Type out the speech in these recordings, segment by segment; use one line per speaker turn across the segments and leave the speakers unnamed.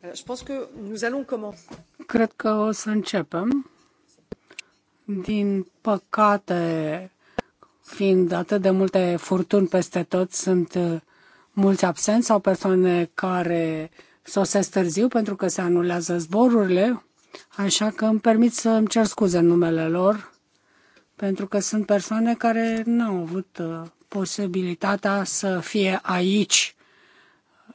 Euh, Cred că o să începem. Din păcate, fiind atât de multe furtuni peste tot, sunt uh, mulți absenți sau persoane care sosesc târziu pentru că se anulează zborurile, așa că îmi permit să îmi cer scuze în numele lor, pentru că sunt persoane care nu au avut uh, posibilitatea să fie aici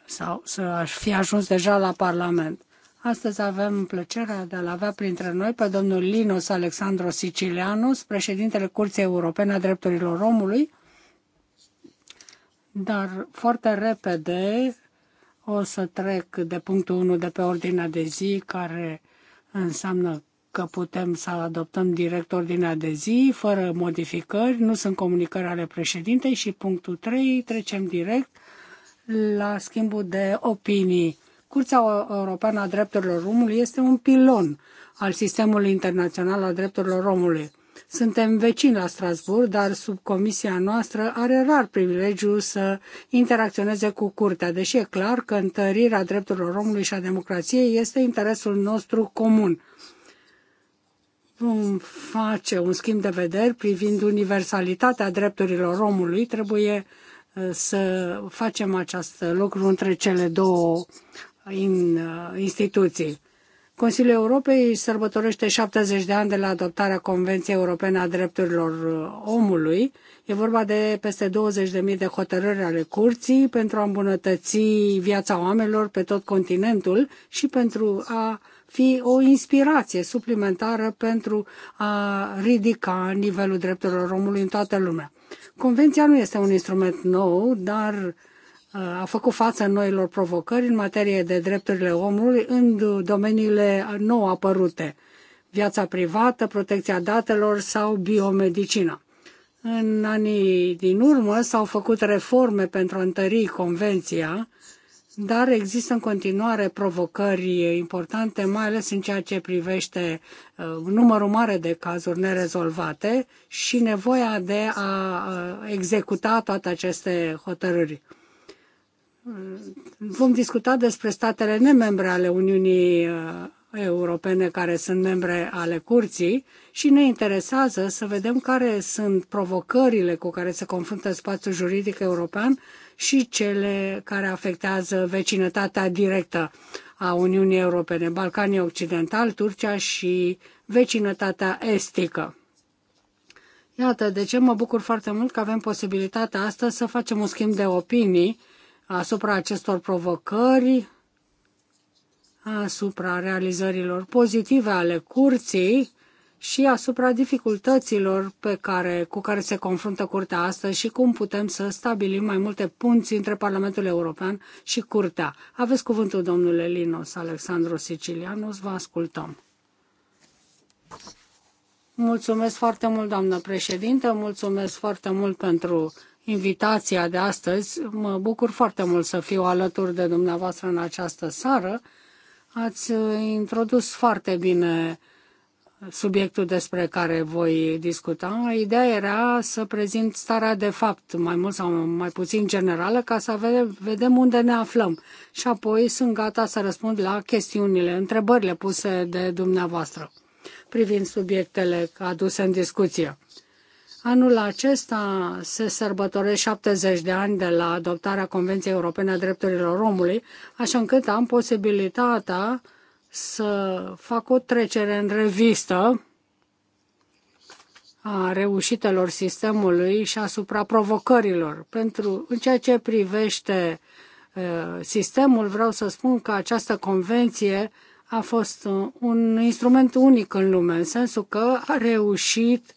sau să aș fi ajuns deja la Parlament. Astăzi avem plăcerea de a-l avea printre noi pe domnul Linus Alexandro Sicilianus, președintele Curții Europene a Drepturilor Omului, dar foarte repede o să trec de punctul 1 de pe ordinea de zi, care înseamnă că putem să adoptăm direct ordinea de zi, fără modificări, nu sunt comunicări ale președintei și punctul 3 trecem direct la schimbul de opinii. Curtea Europeană a Drepturilor Omului este un pilon al sistemului internațional al drepturilor omului. Suntem vecini la Strasbourg, dar subcomisia noastră are rar privilegiul să interacționeze cu curtea, deși e clar că întărirea drepturilor omului și a democrației este interesul nostru comun. Vom face un schimb de vederi privind universalitatea drepturilor omului. Trebuie să facem acest lucru între cele două instituții. Consiliul Europei sărbătorește 70 de ani de la adoptarea Convenției Europene a Drepturilor Omului. E vorba de peste 20.000 de hotărâri ale curții pentru a îmbunătăți viața oamenilor pe tot continentul și pentru a fi o inspirație suplimentară pentru a ridica nivelul drepturilor omului în toată lumea. Convenția nu este un instrument nou, dar uh, a făcut față noilor provocări în materie de drepturile omului în domeniile nou apărute, viața privată, protecția datelor sau biomedicina. În anii din urmă s-au făcut reforme pentru a întări convenția, dar există în continuare provocări importante, mai ales în ceea ce privește uh, numărul mare de cazuri nerezolvate și nevoia de a uh, executa toate aceste hotărâri. Uh, vom discuta despre statele nemembre ale Uniunii europene care sunt membre ale curții și ne interesează să vedem care sunt provocările cu care se confruntă spațiul juridic european și cele care afectează vecinătatea directă a Uniunii Europene, Balcanii Occidental, Turcia și vecinătatea estică. Iată de ce mă bucur foarte mult că avem posibilitatea astăzi să facem un schimb de opinii asupra acestor provocări, asupra realizărilor pozitive ale curții și asupra dificultăților pe care, cu care se confruntă Curtea astăzi și cum putem să stabilim mai multe punți între Parlamentul European și Curtea. Aveți cuvântul, domnule Linos Alexandru Sicilianus, vă ascultăm. Mulțumesc foarte mult, doamnă președinte. mulțumesc foarte mult pentru invitația de astăzi. Mă bucur foarte mult să fiu alături de dumneavoastră în această seară. Ați introdus foarte bine uh, subiectul despre care voi discuta. Ideea era să prezint starea de fapt, mai mult sau mai puțin generală, ca să vedem unde ne aflăm. Și apoi sunt gata să răspund la chestiunile, întrebările puse de dumneavoastră privind subiectele aduse în discuție. Anul acesta se sărbătorește 70 de ani de la adoptarea Convenției Europene a Drepturilor Omului, așa încât am posibilitatea să fac o trecere în revistă a reușitelor sistemului și asupra provocărilor. Pentru, în ceea ce privește sistemul, vreau să spun că această convenție a fost un instrument unic în lume, în sensul că a reușit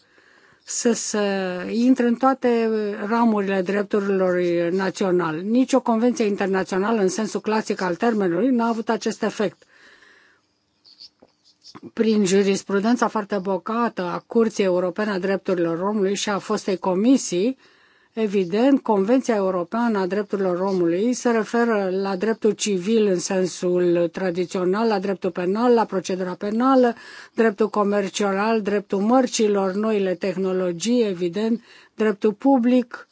să se intre în toate ramurile drepturilor naționale. Nici o convenție internațională în sensul clasic al termenului n-a avut acest efect prin jurisprudența foarte bogată a Curții Europene a Drepturilor Omului și a fostei comisii, evident, Convenția Europeană a Drepturilor Omului se referă la dreptul civil în sensul tradițional, la dreptul penal, la procedura penală, dreptul comercial, dreptul mărcilor, noile tehnologii, evident, dreptul public,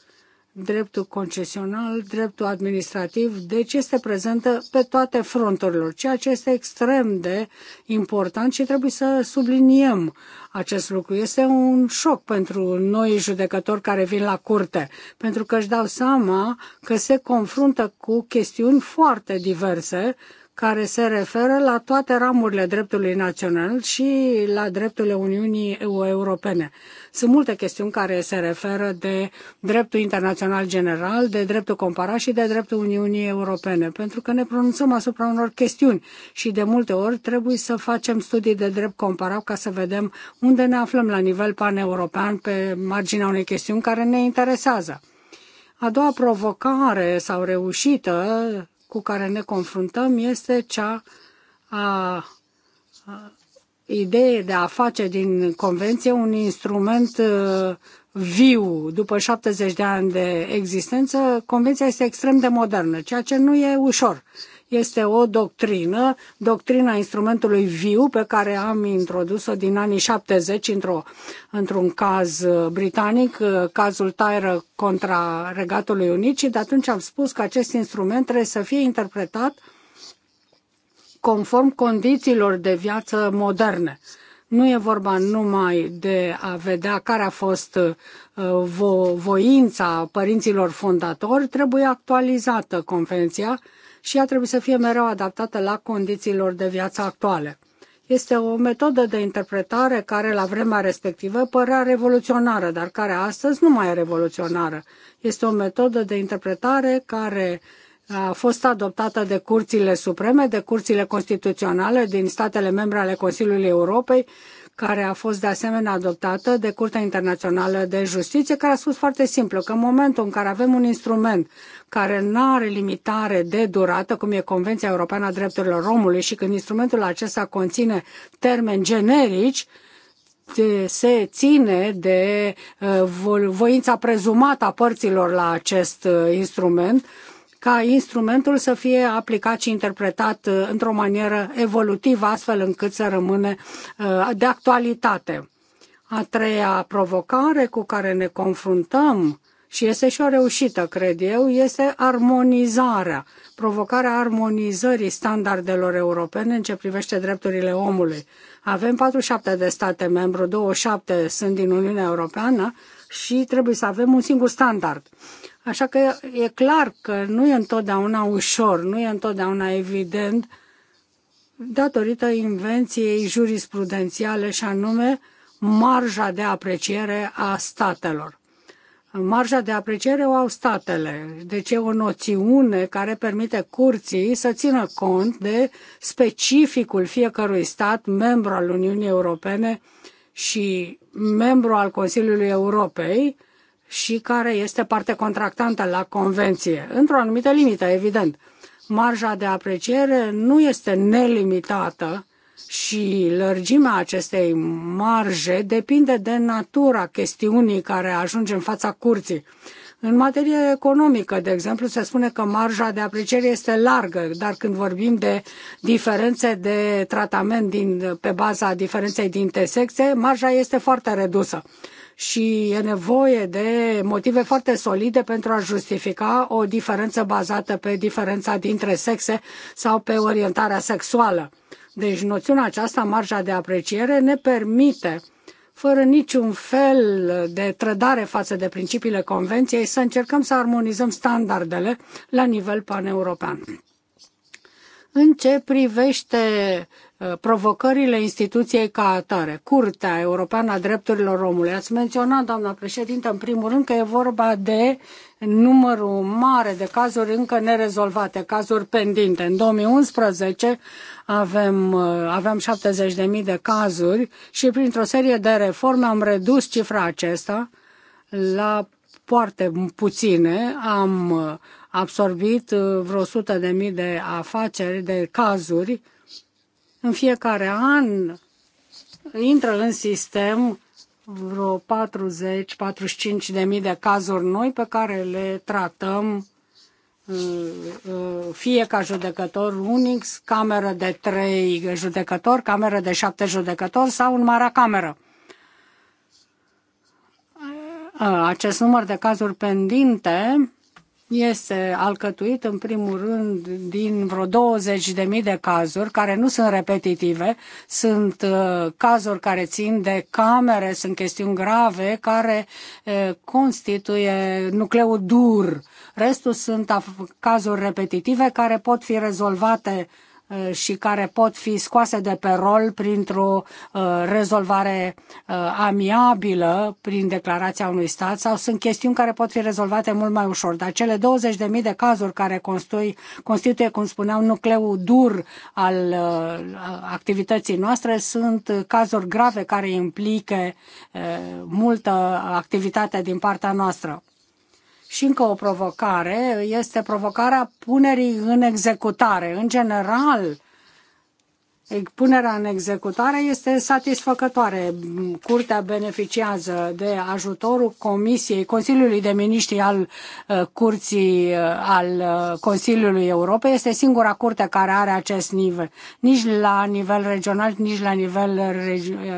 dreptul concesional, dreptul administrativ, deci este prezentă pe toate fronturile? ceea ce este extrem de important și trebuie să subliniem acest lucru. Este un șoc pentru noi judecători care vin la curte, pentru că își dau seama că se confruntă cu chestiuni foarte diverse care se referă la toate ramurile dreptului național și la drepturile Uniunii Europene. Sunt multe chestiuni care se referă de dreptul internațional general, de dreptul comparat și de dreptul Uniunii Europene, pentru că ne pronunțăm asupra unor chestiuni și de multe ori trebuie să facem studii de drept comparat ca să vedem unde ne aflăm la nivel paneuropean pe marginea unei chestiuni care ne interesează. A doua provocare sau reușită cu care ne confruntăm este cea a, a idee de a face din convenție un instrument uh, viu. După 70 de ani de existență, convenția este extrem de modernă, ceea ce nu e ușor. Este o doctrină, doctrina instrumentului viu pe care am introdus-o din anii 70 într-o, într-un caz uh, britanic, uh, cazul Tyre contra Regatului Unit și de atunci am spus că acest instrument trebuie să fie interpretat conform condițiilor de viață moderne. Nu e vorba numai de a vedea care a fost uh, vo- voința părinților fondatori, trebuie actualizată convenția și ea trebuie să fie mereu adaptată la condițiilor de viață actuale. Este o metodă de interpretare care la vremea respectivă părea revoluționară, dar care astăzi nu mai e revoluționară. Este o metodă de interpretare care uh, a fost adoptată de curțile supreme, de curțile constituționale din statele membre ale Consiliului Europei, care a fost de asemenea adoptată de Curtea Internațională de Justiție, care a spus foarte simplu că în momentul în care avem un instrument care nu are limitare de durată, cum e Convenția Europeană a Drepturilor Omului, și când instrumentul acesta conține termeni generici, se ține de uh, voința prezumată a părților la acest uh, instrument, ca instrumentul să fie aplicat și interpretat uh, într-o manieră evolutivă, astfel încât să rămâne uh, de actualitate. A treia provocare cu care ne confruntăm și este și o reușită, cred eu, este armonizarea, provocarea armonizării standardelor europene în ce privește drepturile omului. Avem 47 de state membru, 27 sunt din Uniunea Europeană și trebuie să avem un singur standard. Așa că e clar că nu e întotdeauna ușor, nu e întotdeauna evident datorită invenției jurisprudențiale și anume marja de apreciere a statelor. Marja de apreciere o au statele, deci e o noțiune care permite curții să țină cont de specificul fiecărui stat membru al Uniunii Europene și membru al Consiliului Europei, și care este parte contractantă la convenție, într-o anumită limită, evident. Marja de apreciere nu este nelimitată și lărgimea acestei marje depinde de natura chestiunii care ajunge în fața curții. În materie economică, de exemplu, se spune că marja de apreciere este largă, dar când vorbim de diferențe de tratament din, pe baza diferenței dintre sexe, marja este foarte redusă și e nevoie de motive foarte solide pentru a justifica o diferență bazată pe diferența dintre sexe sau pe orientarea sexuală. Deci noțiunea aceasta, marja de apreciere, ne permite fără niciun fel de trădare față de principiile convenției, să încercăm să armonizăm standardele la nivel paneuropean. În ce privește Uh, provocările instituției ca atare. Curtea Europeană a Drepturilor Omului. Ați menționat, doamna președintă, în primul rând că e vorba de numărul mare de cazuri încă nerezolvate, cazuri pendinte. În 2011 avem, uh, aveam 70.000 de cazuri și printr-o serie de reforme am redus cifra acesta la foarte puține. Am uh, absorbit vreo 100.000 de afaceri, de cazuri, în fiecare an intră în sistem vreo 40-45 de mii de cazuri noi pe care le tratăm uh, uh, fie ca judecător unic, cameră de trei judecători, cameră de șapte judecători sau în marea cameră. Uh, acest număr de cazuri pendinte este alcătuit în primul rând din vreo 20 de mii de cazuri care nu sunt repetitive, sunt uh, cazuri care țin de camere, sunt chestiuni grave care uh, constituie nucleul dur. Restul sunt cazuri repetitive care pot fi rezolvate Uh, și care pot fi scoase de pe rol printr-o uh, rezolvare uh, amiabilă prin declarația unui stat sau sunt chestiuni care pot fi rezolvate mult mai ușor. Dar cele 20.000 de cazuri care constui, constituie, cum spuneam, nucleul dur al activității noastre sunt cazuri grave care implică multă activitate din partea noastră. Și încă o provocare este provocarea punerii în executare. În general, Punerea în executare este satisfăcătoare. Curtea beneficiază de ajutorul Comisiei, Consiliului de Miniștri al uh, Curții uh, al uh, Consiliului Europei. Este singura curte care are acest nivel. Nici la nivel regional, nici la nivel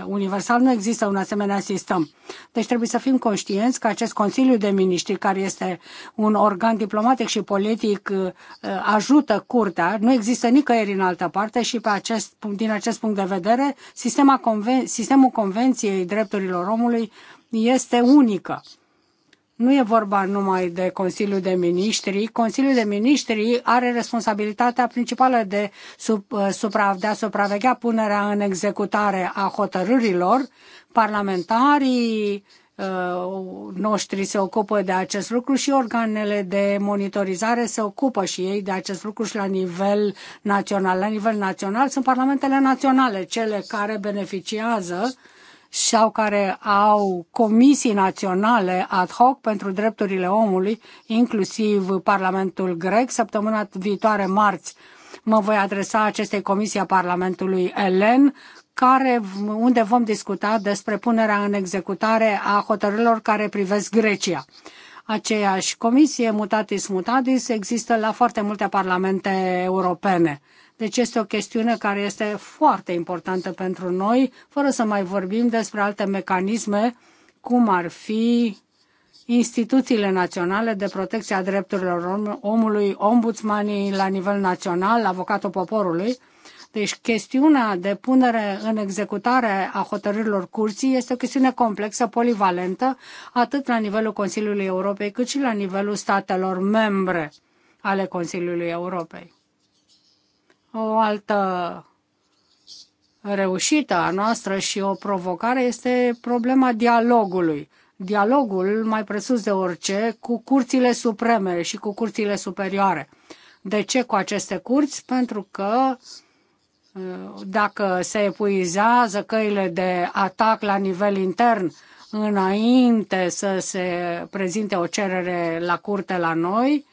universal nu există un asemenea sistem. Deci trebuie să fim conștienți că acest Consiliu de Miniștri, care este un organ diplomatic și politic, ajută curtea. Nu există nicăieri în altă parte și pe acest din acest punct de vedere, conven- sistemul Convenției Drepturilor Omului este unică. Nu e vorba numai de Consiliul de Ministri. Consiliul de Ministri are responsabilitatea principală de, sub, uh, supra, de a supraveghea punerea în executare a hotărârilor. Parlamentarii Uh, noștri se ocupă de acest lucru și organele de monitorizare se ocupă și ei de acest lucru și la nivel național. La nivel național sunt parlamentele naționale, cele care beneficiază sau care au comisii naționale ad hoc pentru drepturile omului, inclusiv Parlamentul grec. Săptămâna viitoare, marți, mă voi adresa acestei comisii a Parlamentului Elen care, unde vom discuta despre punerea în executare a hotărârilor care privesc Grecia. Aceeași comisie, mutatis mutatis, există la foarte multe parlamente europene. Deci este o chestiune care este foarte importantă pentru noi, fără să mai vorbim despre alte mecanisme, cum ar fi instituțiile naționale de protecție a drepturilor omului, ombudsmanii la nivel național, avocatul poporului, deci chestiunea de punere în executare a hotărârilor curții este o chestiune complexă, polivalentă, atât la nivelul Consiliului Europei, cât și la nivelul statelor membre ale Consiliului Europei. O altă reușită a noastră și o provocare este problema dialogului. Dialogul, mai presus de orice, cu curțile supreme și cu curțile superioare. De ce cu aceste curți? Pentru că uh, dacă se epuizează căile de atac la nivel intern înainte să se prezinte o cerere la curte la noi,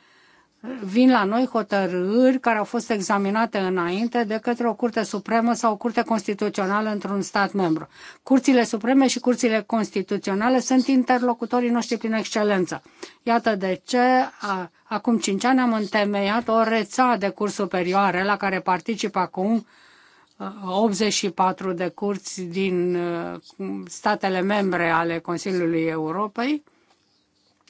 vin la noi hotărâri care au fost examinate înainte de către o curte supremă sau o curte constituțională într-un stat membru. Curțile supreme și curțile constituționale sunt interlocutorii noștri prin excelență. Iată de ce a, acum cinci ani am întemeiat o rețea de curs superioare la care participă acum 84 de curți din uh, statele membre ale Consiliului Europei.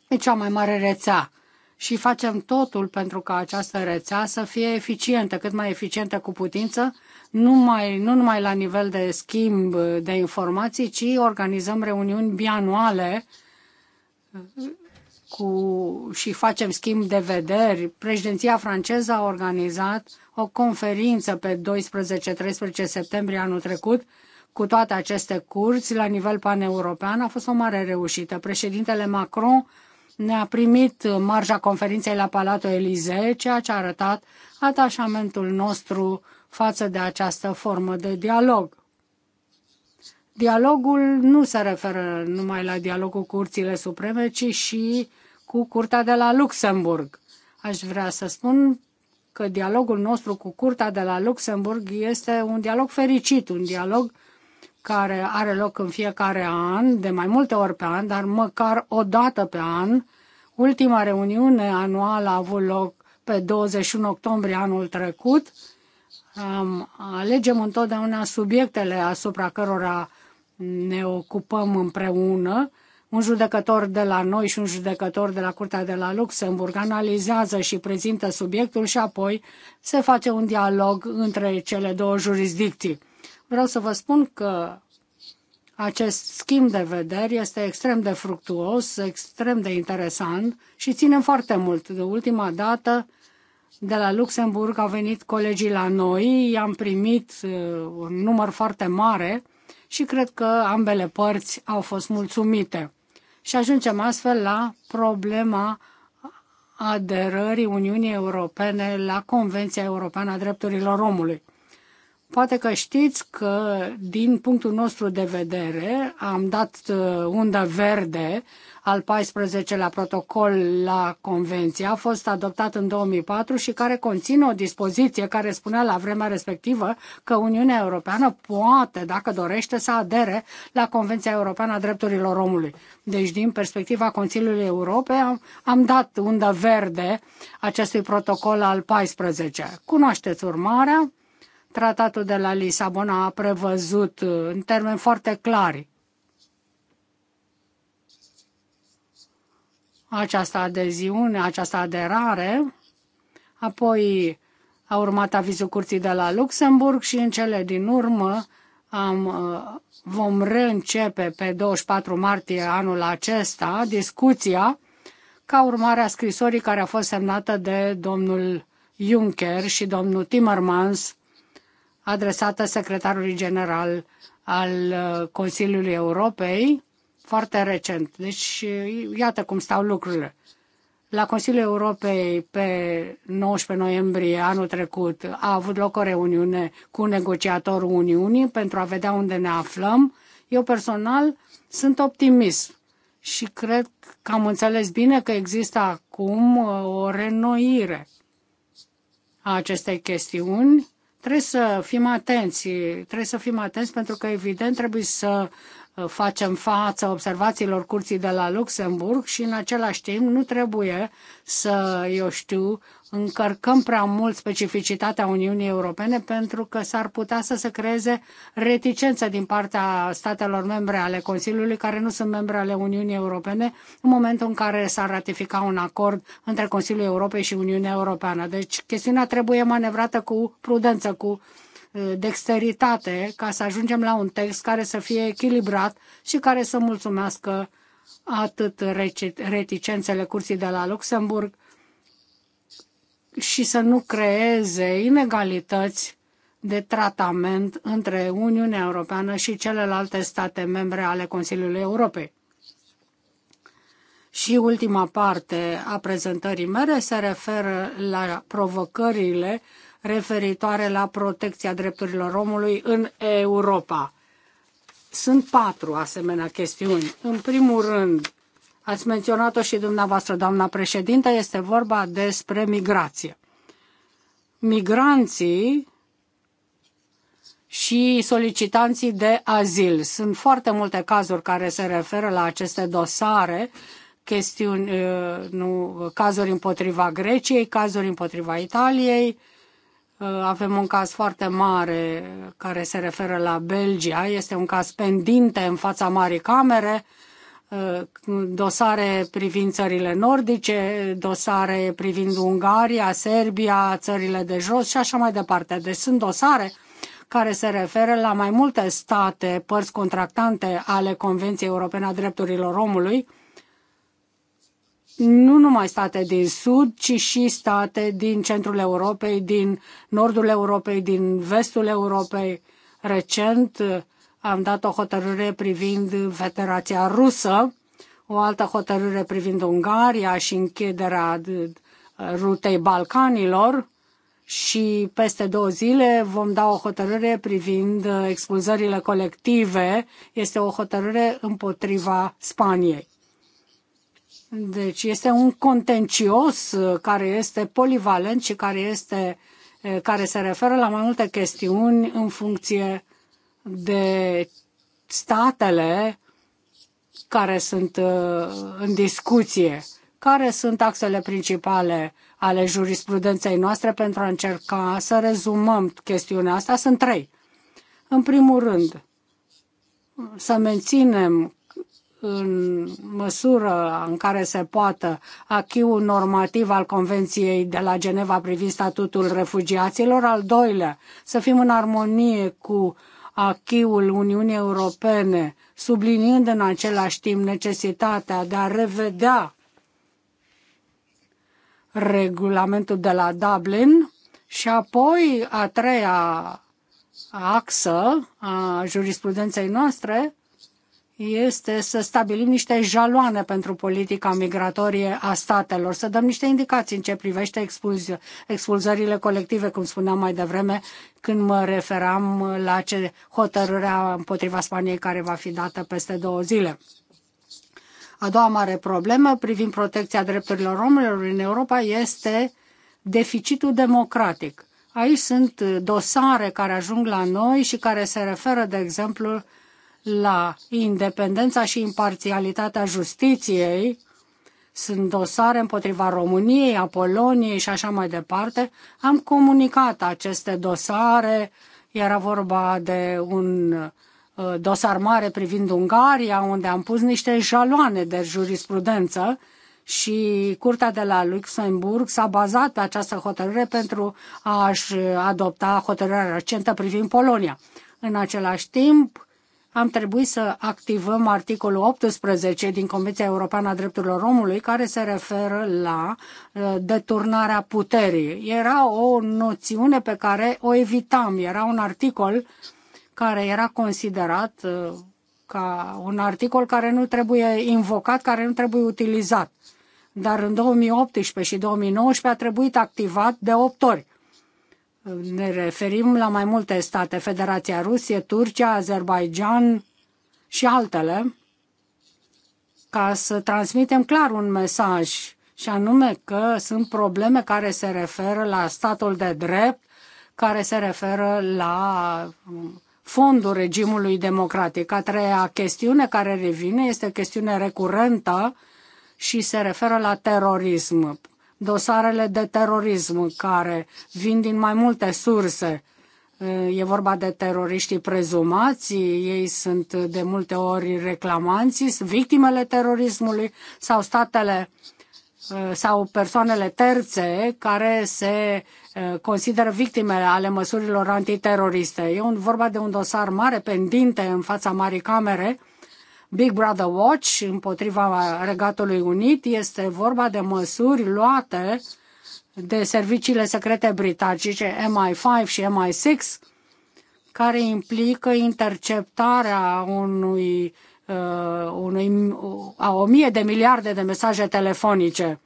E cea mai mare rețea și facem totul pentru ca această rețea să fie eficientă, cât mai eficientă cu putință, numai, nu numai la nivel de schimb de informații, ci organizăm reuniuni bianuale uh, cu, și facem schimb de vederi. Președinția franceză a organizat o conferință pe 12-13 septembrie anul trecut cu toate aceste curți la nivel paneuropean. A fost o mare reușită. Președintele Macron ne-a primit marja conferinței la Palatul Elisee, ceea ce a arătat atașamentul nostru față de această formă de dialog. Dialogul nu se referă numai la dialogul cu curțile supreme, ci și cu curtea de la Luxemburg. Aș vrea să spun că dialogul nostru cu Curtea de la Luxemburg este un dialog fericit, un dialog care are loc în fiecare an, de mai multe ori pe an, dar măcar o dată pe an. Ultima reuniune anuală a avut loc pe 21 octombrie anul trecut. Um, alegem întotdeauna subiectele asupra cărora ne ocupăm împreună un judecător de la noi și un judecător de la Curtea de la Luxemburg analizează și prezintă subiectul și apoi se face un dialog între cele două jurisdicții. Vreau să vă spun că acest schimb de vederi este extrem de fructuos, extrem de interesant și ținem foarte mult. De ultima dată de la Luxemburg au venit colegii la noi, i-am primit uh, un număr foarte mare și cred că ambele părți au fost mulțumite și ajungem astfel la problema aderării Uniunii Europene la Convenția Europeană a Drepturilor Omului. Poate că știți că, din punctul nostru de vedere, am dat uh, undă verde al 14-lea protocol la Convenție. A fost adoptat în 2004 și care conține o dispoziție care spunea la vremea respectivă că Uniunea Europeană poate, dacă dorește, să adere la Convenția Europeană a Drepturilor Omului. Deci, din perspectiva Consiliului Europei, am, am dat undă verde acestui protocol al 14 -lea. Cunoașteți urmarea Tratatul de la Lisabona a prevăzut uh, în termeni foarte clari această adeziune, această aderare, apoi a urmat avizul curții de la Luxemburg și în cele din urmă am, uh, vom reîncepe pe 24 martie anul acesta discuția ca urmare a scrisorii care a fost semnată de domnul Juncker și domnul Timmermans adresată secretarului general al uh, Consiliului Europei foarte recent. Deci, uh, iată cum stau lucrurile. La Consiliul Europei pe 19 noiembrie anul trecut a avut loc o reuniune cu negociatorul Uniunii pentru a vedea unde ne aflăm. Eu personal sunt optimist și cred că am înțeles bine că există acum uh, o renoire a acestei chestiuni Trebuie să fim atenți, trebuie să fim atenți pentru că evident trebuie să uh, facem față observațiilor curții de la Luxemburg și în același timp nu trebuie să, eu știu, încărcăm prea mult specificitatea Uniunii Europene pentru că s-ar putea să se creeze reticență din partea statelor membre ale Consiliului care nu sunt membre ale Uniunii Europene în momentul în care s-ar ratifica un acord între Consiliul Europei și Uniunea Europeană. Deci chestiunea trebuie manevrată cu prudență, cu dexteritate ca să ajungem la un text care să fie echilibrat și care să mulțumească atât reticențele curții de la Luxemburg, și să nu creeze inegalități de tratament între Uniunea Europeană și celelalte state membre ale Consiliului Europei. Și ultima parte a prezentării mele se referă la provocările referitoare la protecția drepturilor omului în Europa. Sunt patru asemenea chestiuni. În primul rând, Ați menționat-o și dumneavoastră, doamna președintă, este vorba despre migrație. Migranții și solicitanții de azil. Sunt foarte multe cazuri care se referă la aceste dosare, chestiuni, uh, nu, cazuri împotriva Greciei, cazuri împotriva Italiei. Uh, avem un caz foarte mare care se referă la Belgia. Este un caz pendinte în fața Marii Camere Uh, dosare privind țările nordice, dosare privind Ungaria, Serbia, țările de jos și așa mai departe. Deci sunt dosare care se referă la mai multe state, părți contractante ale Convenției Europene a Drepturilor Omului, nu numai state din sud, ci și state din centrul Europei, din nordul Europei, din vestul Europei. Recent, am dat o hotărâre privind Federația Rusă, o altă hotărâre privind Ungaria și închiderea uh, rutei Balcanilor și peste două zile vom da o hotărâre privind uh, expulzările colective. Este o hotărâre împotriva Spaniei. Deci este un contencios uh, care este polivalent și care, este, care se referă la mai multe chestiuni în funcție de statele care sunt uh, în discuție, care sunt axele principale ale jurisprudenței noastre pentru a încerca să rezumăm chestiunea asta sunt trei. În primul rând, să menținem în măsură în care se poată achiul normativ al Convenției de la Geneva privind statutul refugiaților. Al doilea, să fim în armonie cu achiul Uniunii Europene, subliniind în același timp necesitatea de a revedea regulamentul de la Dublin și apoi a treia axă a jurisprudenței noastre este să stabilim niște jaloane pentru politica migratorie a statelor, să dăm niște indicații în ce privește expulz expulzările colective, cum spuneam mai devreme, când mă referam la ce hotărârea împotriva Spaniei care va fi dată peste două zile. A doua mare problemă privind protecția drepturilor omului în Europa este deficitul democratic. Aici sunt dosare care ajung la noi și care se referă, de exemplu, la independența și imparțialitatea justiției, sunt dosare împotriva României, a Poloniei și așa mai departe, am comunicat aceste dosare, era vorba de un uh, dosar mare privind Ungaria, unde am pus niște jaloane de jurisprudență și Curtea de la Luxemburg s-a bazat pe această hotărâre pentru a-și adopta hotărârea recentă privind Polonia. În același timp, am trebuit să activăm articolul 18 din Convenția Europeană a Drepturilor Omului, care se referă la uh, deturnarea puterii. Era o noțiune pe care o evitam. Era un articol care era considerat uh, ca un articol care nu trebuie invocat, care nu trebuie utilizat. Dar în 2018 și 2019 a trebuit activat de 8 ori. Ne referim la mai multe state, Federația Rusie, Turcia, Azerbaijan și altele, ca să transmitem clar un mesaj și anume că sunt probleme care se referă la statul de drept, care se referă la fondul regimului democratic. A treia chestiune care revine este o chestiune recurentă și se referă la terorism dosarele de terorism care vin din mai multe surse. E vorba de teroriștii prezumați, ei sunt de multe ori reclamanții, victimele terorismului sau statele ă, sau persoanele terțe care se ă, consideră victimele ale măsurilor antiteroriste. E vorba de un dosar mare pendinte în fața Marii Camere Big Brother Watch împotriva Regatului Unit. Este vorba de măsuri luate de serviciile secrete britanice MI5 și MI6 care implică interceptarea unui, uh, unui, a o mie de miliarde de mesaje telefonice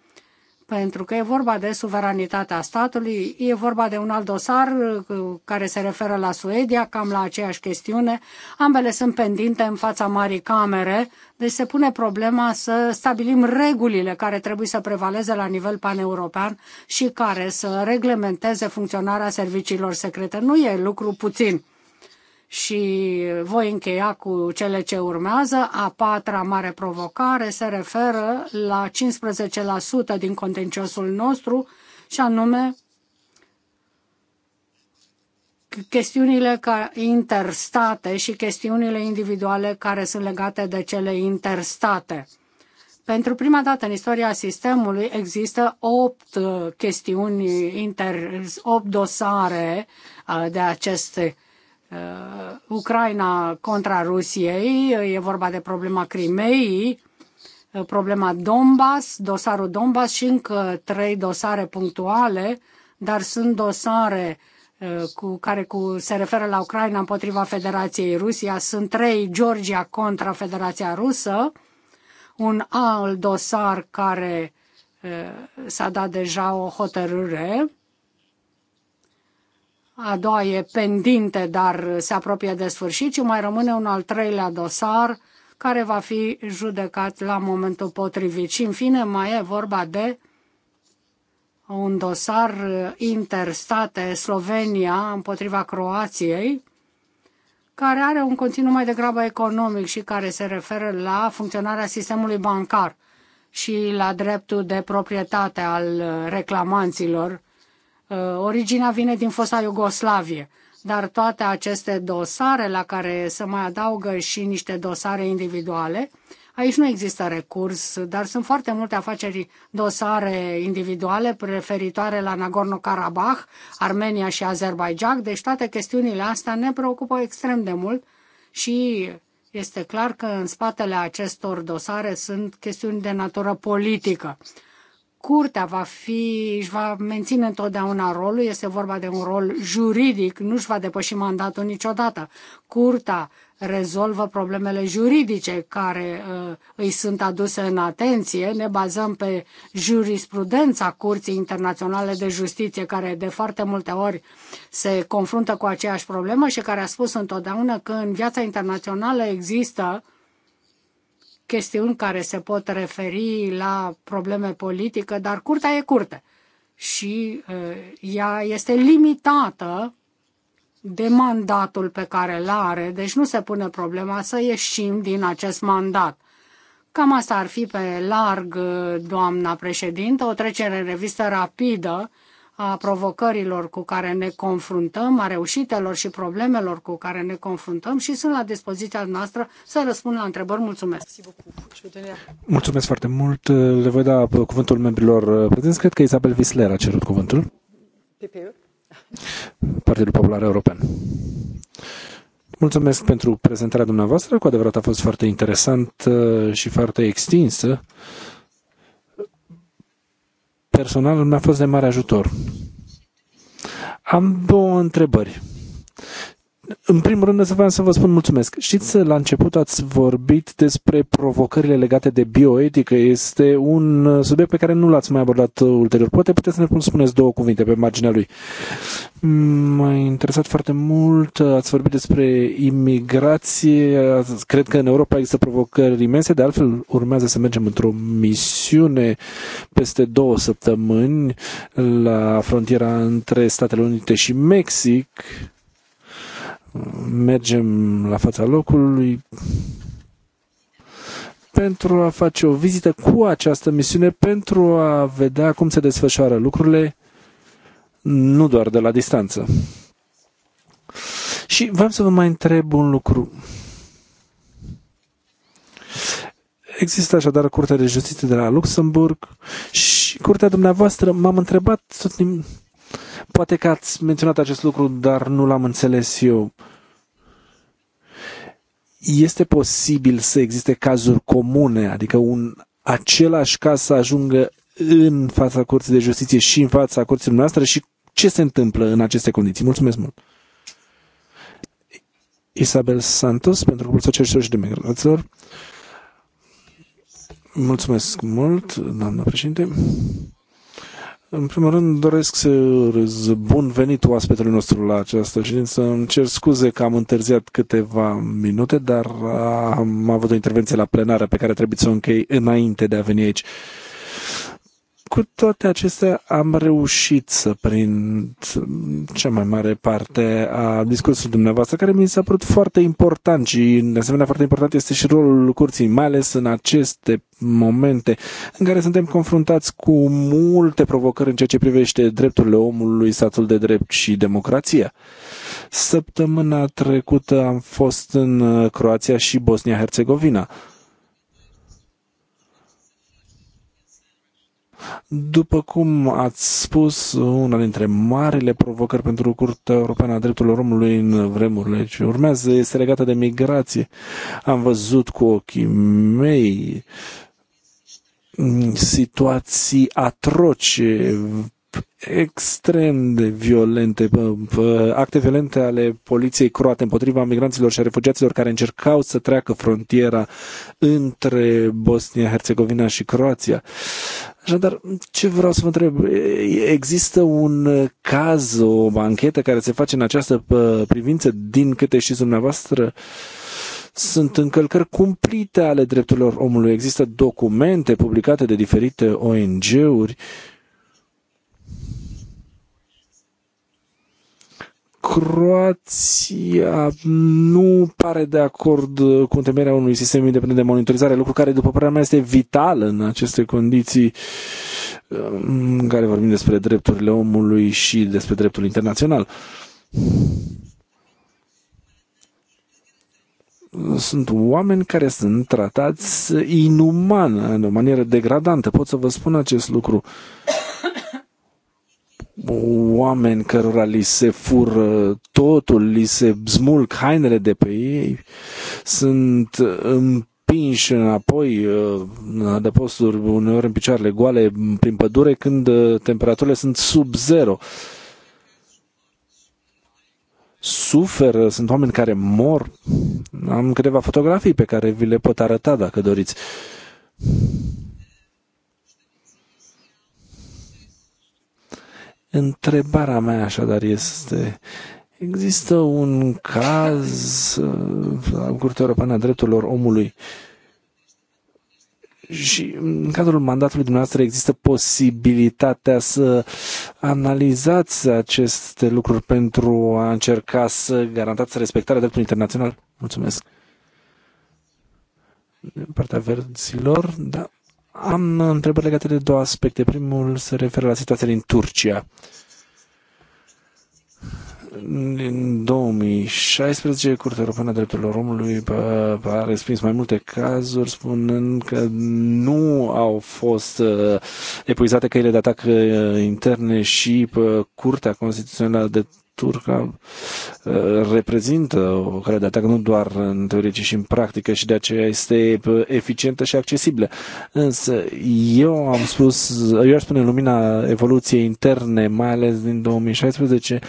pentru că e vorba de suveranitatea statului, e vorba de un alt dosar uh, care se referă la Suedia, cam la aceeași chestiune. Ambele sunt pendinte în fața Marii Camere, deci se pune problema să stabilim regulile care trebuie să prevaleze la nivel paneuropean și care să reglementeze funcționarea serviciilor secrete. Nu e lucru puțin și voi încheia cu cele ce urmează. A patra mare provocare se referă la 15% din contenciosul nostru și anume chestiunile interstate și chestiunile individuale care sunt legate de cele interstate. Pentru prima dată în istoria sistemului există opt chestiuni, inter, 8 dosare uh, de aceste Uh, Ucraina contra Rusiei, e vorba de problema Crimei, uh, problema Donbass, dosarul Donbass și încă trei dosare punctuale, dar sunt dosare uh, cu care cu, se referă la Ucraina împotriva Federației Rusia. Sunt trei Georgia contra Federația Rusă, un alt dosar care s-a dat deja o hotărâre a doua e pendinte, dar se apropie de sfârșit și mai rămâne un al treilea dosar care va fi judecat la momentul potrivit. Și în fine mai e vorba de un dosar interstate Slovenia împotriva Croației, care are un conținut mai degrabă economic și care se referă la funcționarea sistemului bancar și la dreptul de proprietate al reclamanților Uh, originea vine din fosta Iugoslavie, dar toate aceste dosare la care se mai adaugă și niște dosare individuale, aici nu există recurs, dar sunt foarte multe afaceri dosare individuale referitoare la Nagorno-Karabakh, Armenia și Azerbaijan, deci toate chestiunile astea ne preocupă extrem de mult și este clar că în spatele acestor dosare sunt chestiuni de natură politică. Curtea va fi, își va menține întotdeauna rolul, este vorba de un rol juridic, nu își va depăși mandatul niciodată. Curtea rezolvă problemele juridice care uh, îi sunt aduse în atenție. Ne bazăm pe jurisprudența Curții Internaționale de Justiție, care de foarte multe ori se confruntă cu aceeași problemă și care a spus întotdeauna că în viața internațională există uh, chestiuni care se pot referi la probleme politică, dar curtea e curte și uh, ea este limitată de mandatul pe care îl are, deci nu se pune problema să ieșim din acest mandat. Cam asta ar fi pe larg, uh, doamna președintă, o trecere în revistă rapidă a provocărilor cu care ne confruntăm, a reușitelor și problemelor cu care ne confruntăm și sunt la dispoziția noastră să răspund la întrebări. Mulțumesc!
Mulțumesc foarte mult! Le voi da cuvântul membrilor prezenți. Cred că Isabel Visler a cerut cuvântul. PPE. Partidul Popular European. Mulțumesc pentru prezentarea dumneavoastră, cu adevărat a fost foarte interesant și foarte extinsă personal mi-a fost de mare ajutor. Am două întrebări. În primul rând, să vreau să vă spun mulțumesc. Știți, la început ați vorbit despre provocările legate de bioetică. Este un uh, subiect pe care nu l-ați mai abordat uh, ulterior. Poate puteți să ne spuneți două cuvinte pe marginea lui. Mm, m-a interesat foarte mult. Uh, ați vorbit despre imigrație. Cred că în Europa există provocări imense. De altfel, urmează să mergem într-o misiune peste două săptămâni la frontiera între Statele Unite și Mexic mergem la fața locului pentru a face o vizită cu această misiune, pentru a vedea cum se desfășoară lucrurile, nu doar de la distanță. Și vreau să vă mai întreb un lucru. Există așadar Curtea de Justiție de la Luxemburg și Curtea dumneavoastră m-am întrebat tot timp Poate că ați menționat acest lucru, dar nu l-am înțeles eu. Este posibil să existe cazuri comune, adică un același caz să ajungă în fața curții de justiție și în fața curții noastre și ce se întâmplă în aceste condiții. Mulțumesc mult! Isabel Santos pentru Grupul Socialiștilor și Democraților. Mulțumesc mult, doamnă președinte. În primul rând doresc să urez bun venit oaspetului nostru la această ședință. Îmi cer scuze că am întârziat câteva minute, dar am avut o intervenție la plenară pe care trebuie să o închei înainte de a veni aici. Cu toate acestea am reușit să prind cea mai mare parte a discursului dumneavoastră, care mi s-a părut foarte important și, de asemenea, foarte important este și rolul curții, mai ales în aceste momente în care suntem confruntați cu multe provocări în ceea ce privește drepturile omului, statul de drept și democrația. Săptămâna trecută am fost în uh, Croația și Bosnia-Herzegovina După cum ați spus, una dintre marile provocări pentru Curtea Europeană a Drepturilor Omului în vremurile ce urmează este legată de migrație. Am văzut cu ochii mei situații atroce, extrem de violente, acte violente ale poliției croate împotriva migranților și a refugiaților care încercau să treacă frontiera între Bosnia, Herțegovina și Croația. Așadar, ce vreau să vă întreb? Există un caz, o anchetă care se face în această privință, din câte știți dumneavoastră, sunt încălcări cumplite ale drepturilor omului. Există documente publicate de diferite ONG-uri uh, Croația nu pare de acord uh, cu întemeierea unui sistem independent de monitorizare, lucru care, după părerea mea, este vital în aceste condiții în um, care vorbim despre drepturile omului și despre dreptul internațional. Sunt oameni care sunt tratați inuman, în o manieră degradantă. Pot să vă spun acest lucru oameni cărora li se fură totul, li se zmulc hainele de pe ei, sunt împinși înapoi uh, în adăposturi, uneori în picioarele goale, prin pădure, când uh, temperaturile sunt sub zero. Suferă, sunt oameni care mor. Am câteva fotografii pe care vi le pot arăta dacă doriți. Întrebarea mea așadar este, există un caz uh, la Curtea Europeană a Drepturilor Omului și în cadrul mandatului dumneavoastră există posibilitatea să analizați aceste lucruri pentru a încerca să garantați respectarea dreptului internațional? Mulțumesc. partea verzilor, da. Am întrebări legate de două aspecte. Primul se referă la situația din Turcia. În 2016, Curtea Europeană a Drepturilor Omului a respins mai multe cazuri, spunând că nu au fost uh, epuizate căile de atac uh, interne și Curtea Constituțională de Turca uh, reprezintă o cale de atac nu doar în teorie, ci și în practică și de aceea este uh, eficientă și accesibilă. Însă eu am spus, eu aș spune lumina evoluției interne, mai ales din 2016,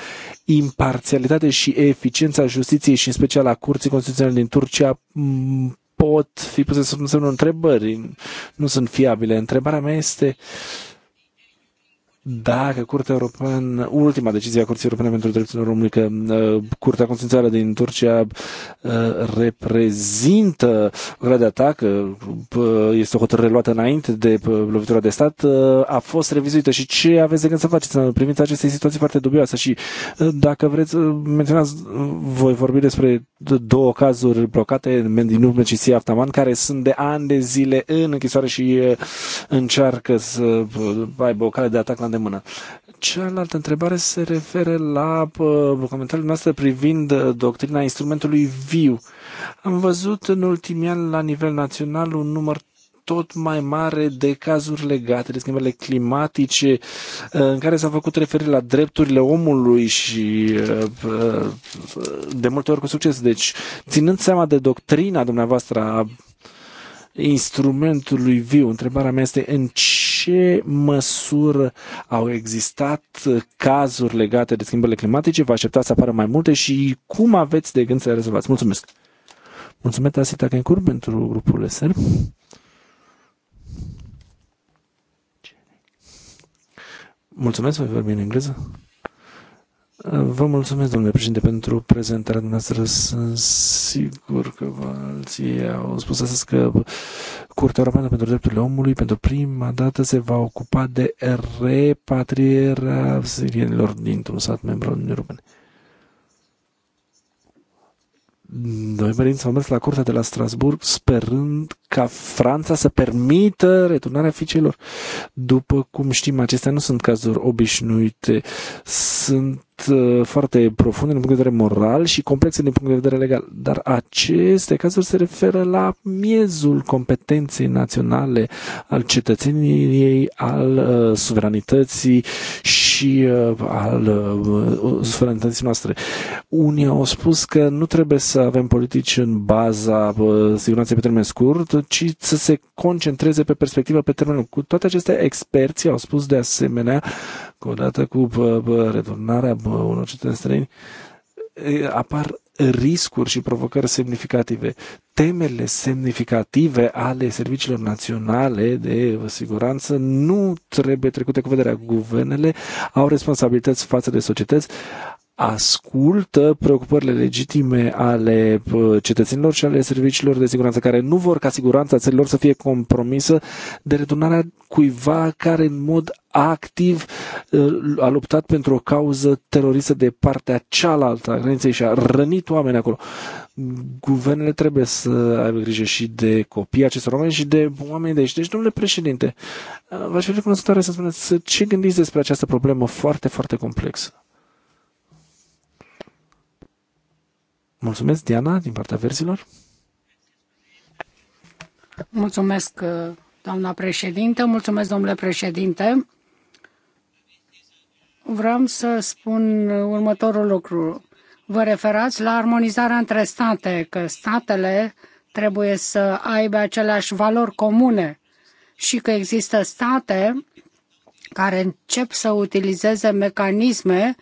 imparțialitate și eficiența justiției și în special a Curții Constituționale din Turcia pot fi puse sub semnul întrebării, nu sunt fiabile. Întrebarea mea este uh, dacă Curtea Europeană, ultima decizie a Curții Europene pentru Drepturile Omului, că uh, Curtea Constituțională din Turcia uh, reprezintă grad de atac, uh, uh, este o hotărâre luată înainte de uh, lovitura de stat, uh, a fost revizuită. Și ce aveți de gând să faceți în privința acestei situații foarte dubioase? Și uh, dacă vreți, uh, menționați, uh, voi vorbi despre două cazuri blocate, urmă și Sia Aftaman, care sunt de ani de zile în închisoare și uh, încearcă să uh, aibă o cale de atac la îndemână. Cealaltă întrebare se referă la comentariul noastră privind uh, doctrina instrumentului viu. Am văzut în ultimii ani la nivel național un număr tot mai mare de cazuri legate de schimbările climatice, uh, în care s-a făcut referire la drepturile omului și uh, de multe ori cu succes. Deci, ținând seama de doctrina dumneavoastră a instrumentului viu, întrebarea mea este în ce ce măsură au existat cazuri legate de schimbările climatice? Vă așteptați să apară mai multe și cum aveți de gând să le rezolvați? Mulțumesc! Mulțumesc, Asita Kencur, pentru grupul SR. Mulțumesc, voi vorbi în engleză. Vă mulțumesc, domnule președinte, pentru prezentarea noastră. Sunt sigur că alții au spus astăzi că Curtea Europeană pentru Drepturile Omului pentru prima dată se va ocupa de repatrierea sirienilor dintr-un stat membru al Uniunii Europene. Noi venim să mers la curtea de la Strasburg sperând ca Franța să permită returnarea fiicelor. După cum știm, acestea nu sunt cazuri obișnuite, sunt uh, foarte profunde din punct de vedere moral și complexe din punct de vedere legal. Dar aceste cazuri se referă la miezul competenței naționale al cetățeniei, al uh, suveranității și și uh, al uh, uh, suferentății noastre. Unii au spus că nu trebuie să avem politici în baza siguranței pe termen scurt, ci să se concentreze pe perspectiva pe termen lung. Cu toate acestea, experții au spus de asemenea că odată cu returnarea unor cetățeni străini apar riscuri și provocări semnificative. Temele semnificative ale serviciilor naționale de siguranță nu trebuie trecute cu vederea. Guvernele au responsabilități față de societăți, ascultă preocupările legitime ale cetățenilor și ale serviciilor de siguranță, care nu vor ca siguranța țărilor să fie compromisă de redunarea cuiva care în mod activ ă, a luptat pentru o cauză teroristă de partea cealaltă a graniței și a rănit oameni acolo. Guvernele trebuie să aibă grijă și de copii acestor oameni și de oameni de aici. Deci, domnule președinte, v-aș fi recunoscutare să spuneți ce gândiți despre această problemă foarte, foarte complexă. Mulțumesc, Diana, din partea versilor.
Mulțumesc, uh, doamna președinte. Mulțumesc, domnule președinte. Vreau să spun următorul lucru. Vă referați la armonizarea între state, că statele trebuie să aibă aceleași valori comune și că există state care încep să utilizeze mecanisme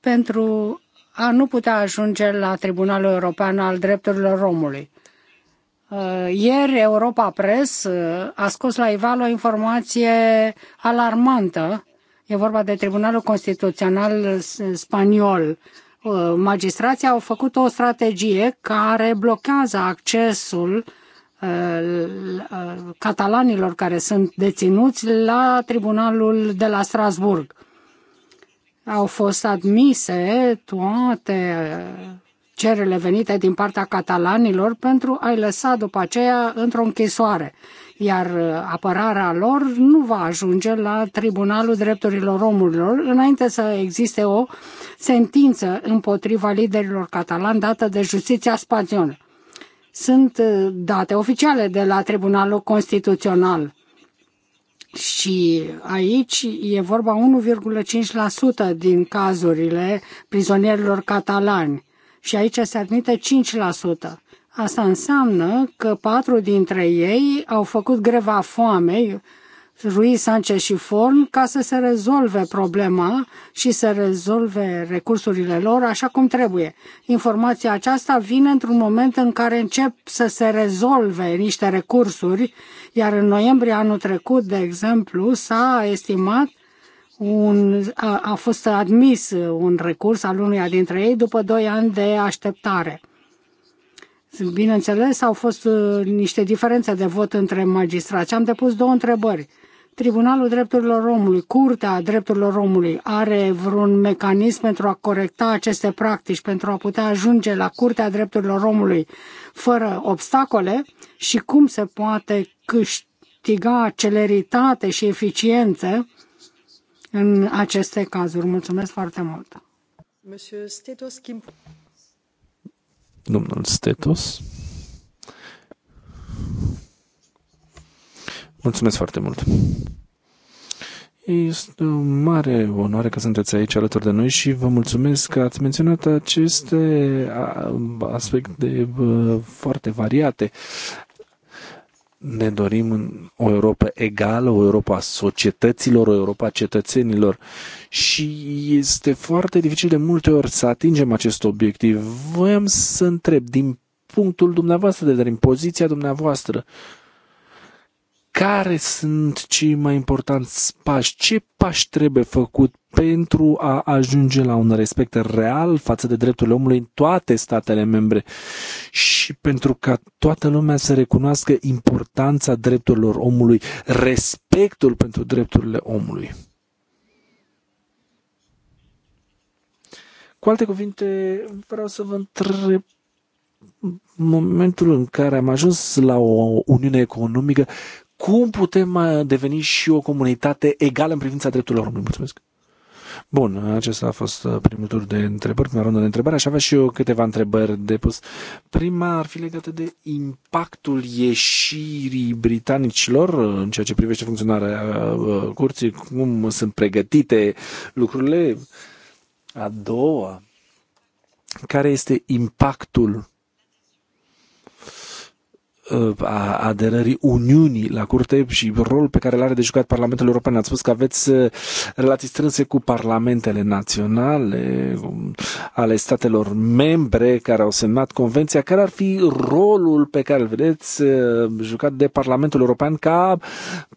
pentru a nu putea ajunge la Tribunalul European al Drepturilor Omului. Uh, ieri Europa Press uh, a scos la iveală o informație alarmantă. E vorba de Tribunalul Constituțional Spaniol. Uh, magistrații au făcut o strategie care blochează accesul catalanilor care sunt deținuți la tribunalul de la Strasburg au fost admise toate cerele venite din partea catalanilor pentru a-i lăsa după aceea într-o închisoare, iar uh, apărarea lor nu va ajunge la Tribunalul Drepturilor Omurilor înainte să existe o sentință împotriva liderilor catalani dată de justiția spaniolă. Sunt uh, date oficiale de la Tribunalul Constituțional și aici e vorba 1,5% din cazurile prizonierilor catalani. Și aici se admite 5%. Asta înseamnă că patru dintre ei au făcut greva foamei, Ruiz Sanchez și Forn ca să se rezolve problema și să rezolve recursurile lor așa cum trebuie. Informația aceasta vine într-un moment în care încep să se rezolve niște recursuri, iar în noiembrie anul trecut, de exemplu, s-a estimat un, a, a fost admis un recurs al unuia dintre ei după doi ani de așteptare. Bineînțeles, au fost uh, niște diferențe de vot între magistrați. Am depus două întrebări. Tribunalul Drepturilor Omului, Curtea Drepturilor Omului, are vreun mecanism pentru a corecta aceste practici, pentru a putea ajunge la Curtea Drepturilor Omului fără obstacole și cum se poate câștiga celeritate și eficiență în aceste cazuri. Mulțumesc foarte mult!
Domnul Stetos. Mulțumesc foarte mult! Este o mare onoare că sunteți aici alături de noi și vă mulțumesc că ați menționat aceste aspecte foarte variate. Ne dorim o Europa egală, o Europa a societăților, o Europa a cetățenilor și este foarte dificil de multe ori să atingem acest obiectiv. Voiam să întreb, din punctul dumneavoastră de vedere, din poziția dumneavoastră, care sunt cei mai importanți pași, ce pași trebuie făcut pentru a ajunge la un respect real față de drepturile omului în toate statele membre și pentru ca toată lumea să recunoască importanța drepturilor omului, respectul pentru drepturile omului. Cu alte cuvinte, vreau să vă întreb momentul în care am ajuns la o uniune economică, cum putem uh, deveni și o comunitate egală în privința drepturilor omului. Mulțumesc! Bun, acesta a fost uh, primul tur de întrebări, prima rundă de întrebări. Aș avea și eu câteva întrebări de pus. Prima ar fi legată de impactul ieșirii britanicilor uh, în ceea ce privește funcționarea curții, cum sunt pregătite lucrurile. A doua, care este impactul Uh, a aderării Uniunii la curte și rolul pe care îl are de jucat Parlamentul European. Ați spus că aveți uh, relații strânse cu parlamentele naționale, um, ale statelor membre care au semnat convenția. Care ar fi rolul pe care îl vedeți uh, jucat de Parlamentul European ca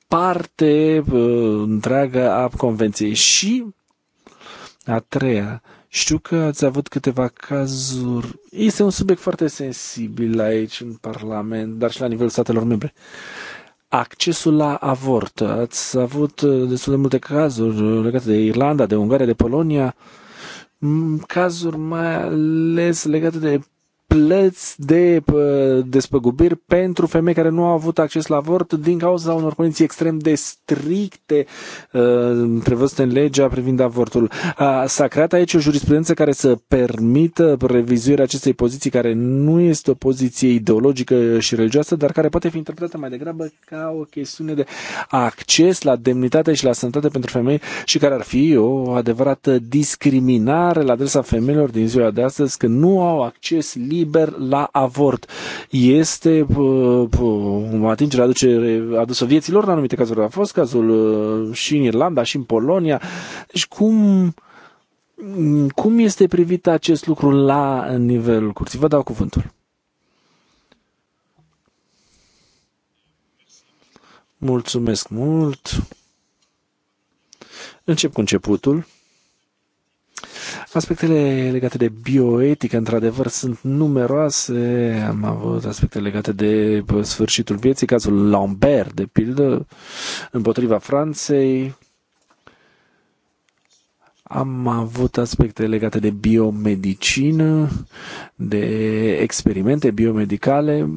parte întreagă a convenției? Și a treia știu că ați avut câteva cazuri. Este un subiect foarte sensibil aici în Parlament, dar și la nivelul statelor membre. Accesul la avort. Ați avut uh, destul de multe cazuri uh, legate de Irlanda, de Ungaria, de Polonia. Mm, cazuri mai ales legate de plăți de despăgubiri pentru femei care nu au avut acces la avort din cauza unor condiții extrem de stricte ă, prevăzute în legea privind avortul. s-a creat aici o jurisprudență care să permită revizuirea acestei poziții care nu este o poziție ideologică și religioasă, dar care poate fi interpretată mai degrabă ca o chestiune de acces la demnitate și la sănătate pentru femei și care ar fi o adevărată discriminare la adresa femeilor din ziua de astăzi că nu au acces liber liber la avort. Este uh, uh, o atingere aduce, adusă vieților în anumite cazuri. A fost cazul uh, și în Irlanda, și în Polonia. Deci cum, mm, cum este privit acest lucru la nivelul curții? Vă dau cuvântul. Mulțumesc mult. Încep cu începutul. Aspectele legate de bioetică, într-adevăr, sunt numeroase. Am avut aspecte legate de sfârșitul vieții, cazul Lambert, de pildă, împotriva Franței. Am avut aspecte legate de biomedicină, de experimente biomedicale.